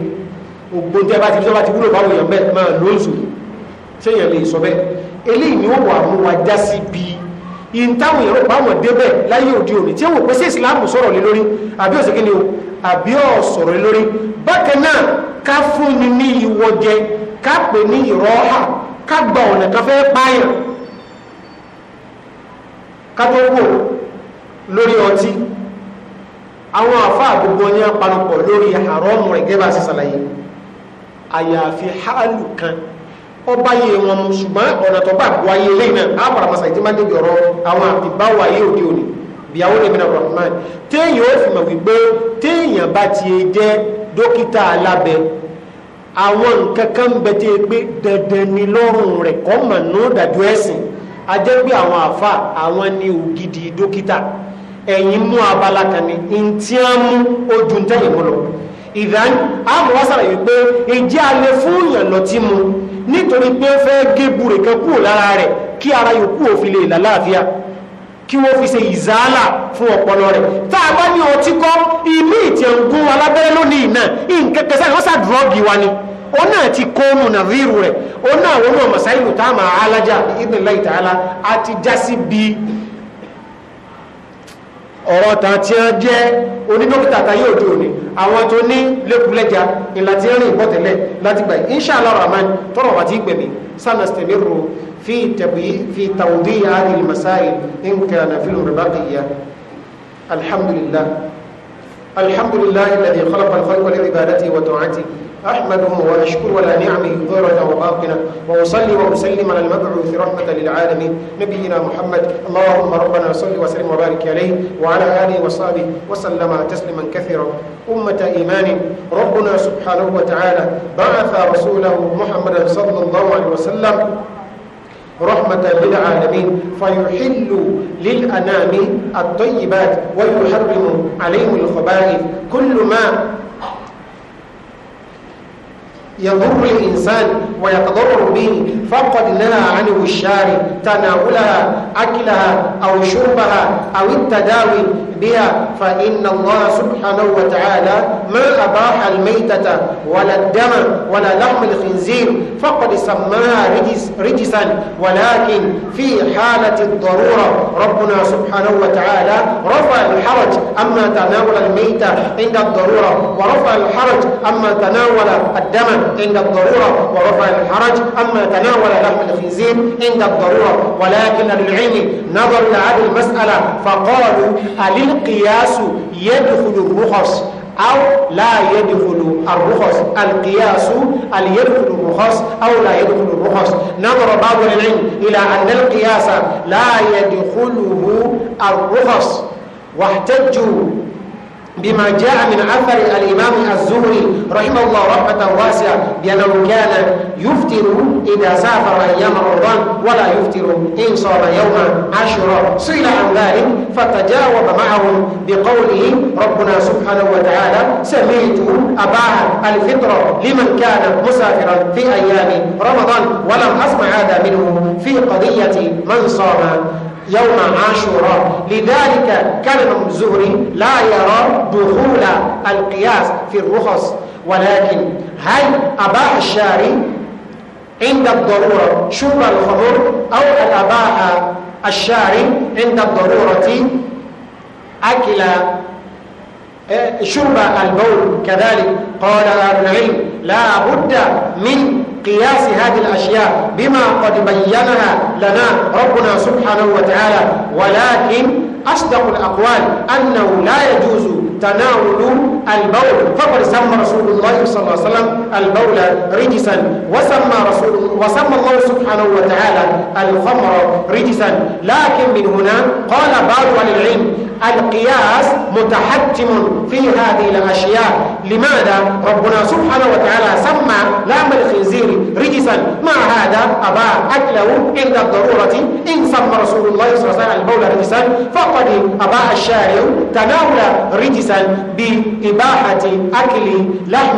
ògbóǹtẹ́ bá ti fi sọ́ba ti wúlò báwo èèyàn bẹ́ẹ̀ máa lóṣù sẹ́yìn lè sọ bẹ́ẹ̀ eléyìí ni ó wà mú wa já sí bí débẹ̀ láyé òdi òní tí wọ́n pẹ́ sí ìsìláàmù sọ̀rọ̀ lé lórí àbí ọ̀sẹ̀ kí ni o àbí ọ̀sọ̀rọ̀ lé lórí bákan náà ká fún ni ní ìwọ gba ọ̀nà fẹ́ ká tó lórí ọtí àwọn ní apanupọ̀ lórí rẹ̀ gẹ́gẹ́ ọba yé wọn mu ṣùgbọ́n ọ̀nà tó bá gbọ́ ayé lẹ́yìn náà á bàrà masa ìdí má débi ọ̀rọ̀ àwọn àbíbáwò ayé òde òní bíyàwó lè mìíràn rahman téèyàn ó fi mọ̀ wípé téèyàn bá ti jẹ́ dókítà alábẹ àwọn nǹkan kan bẹ tẹ́ pé dandan ni lọ́rùn rẹ̀ kọ́ mọ̀ nù dájú ẹ̀sìn a jẹ́ pé àwọn àfa àwọn ni ògidì dókítà ẹ̀yin mú abala kan ní ntí á mú ojú ntẹ́yìn mú lọ ìdán àmọ́ wá sára yìí pé ìjẹ́ alẹ́ fún yàn mu nítorí pé ó fẹ́ gé burè kan kúrò lára rẹ̀ kí ara yòókù òfin lè lálàáfíà kí wọ́n fi ṣe ìzálà fún ọpọlọ rẹ̀ tá a bá ní ọtí kọ́ ilé ìtẹ̀gùn alábẹ́rẹ́ lónìí náà nǹkan kẹsàn-án wọ́n ṣàdúrọ́ọ̀gì wa ni ó náà ti kóónù nàvíìrù rẹ̀ ó náà wọ́n náà mọ̀sáìlù tá a máa alájà àti jásí bíi ọ̀rọ̀ tàn tí wọ́n jẹ́ onídókítà tá yóò dùn ní àwọn tó ní lẹ́kùlẹ́jà ìlà tí ń rìn bọ̀ tẹ́lẹ̀ láti gbà inṣàlá rahman tọrọ àti ìgbẹ̀mí sanastamiru fi tawdihi hadhihi al-masail in kana fil umri baqiya alhamdulillah alhamdulillah alladhi أحمده وأشكر على نعمه ظاهرة وباقنا وأصلي وأسلم على المبعوث رحمة للعالمين نبينا محمد اللهم ربنا صل وسلم وبارك عليه وعلى آله وصحبه وسلم تسليما كثيرا أمة إيمان ربنا سبحانه وتعالى بعث رسوله محمدا صلى الله عليه وسلم رحمة للعالمين فيحل للأنام الطيبات ويحرم عليهم الخبائث كل ما يضر الإنسان ويتضرر به فقد لنا عنه الشارع تناولها أكلها أو شربها أو التداوي بها فإن الله سبحانه وتعالى ما أباح الميتة ولا الدم ولا لحم الخنزير فقد سماها رجس رجسا ولكن في حالة الضرورة ربنا سبحانه وتعالى رفع الحرج أما تناول الميتة عند الضرورة ورفع الحرج أما تناول الدم عند الضرورة ورفع الحرج أما تناول لحم الخنزير عند الضرورة ولكن العلم نظر لهذه المسألة فقالوا ألل القياس يدخل الرخص أو لا يدخل الرخص القياس هل يدخل الرخص أو لا يدخل الرخص نظر بعض العلم إلى أن القياس لا يدخله الرخص واحتجوا بما جاء من أثر الإمام الزهري رحمه الله رحمة واسعة بأنه كان يفتر إذا سافر أيام رمضان ولا يفتر إن صار يوم عشرة سئل عن ذلك فتجاوب معهم بقوله ربنا سبحانه وتعالى سمعت أباع الفطرة لمن كان مسافرا في أيام رمضان ولم أسمع هذا منه في قضية من صام يوم عاشوراء لذلك كان الزهري لا يرى دخول القياس في الرخص ولكن هل أباح الشاري عند الضرورة شرب الخمر أو هل أباح الشاري عند الضرورة أكل إيه، شرب البول كذلك قال العلم لا بد من قياس هذه الأشياء بما قد بينها لنا ربنا سبحانه وتعالى ولكن أصدق الأقوال أنه لا يجوز تناول البول فقد سمى رسول الله صلى الله عليه وسلم البول رجسا وسمى رسول وسمى الله سبحانه وتعالى الخمر رجسا لكن من هنا قال بعض اهل العلم القياس متحتم في هذه الأشياء لماذا ربنا سبحانه وتعالى سمى لام الخنزير رجسا مع هذا أبا أكله عند الضرورة إن سمى رسول الله صلى الله عليه وسلم البول رجسا فقد أبا الشارع تناول رجسا بإباحة أكل لحم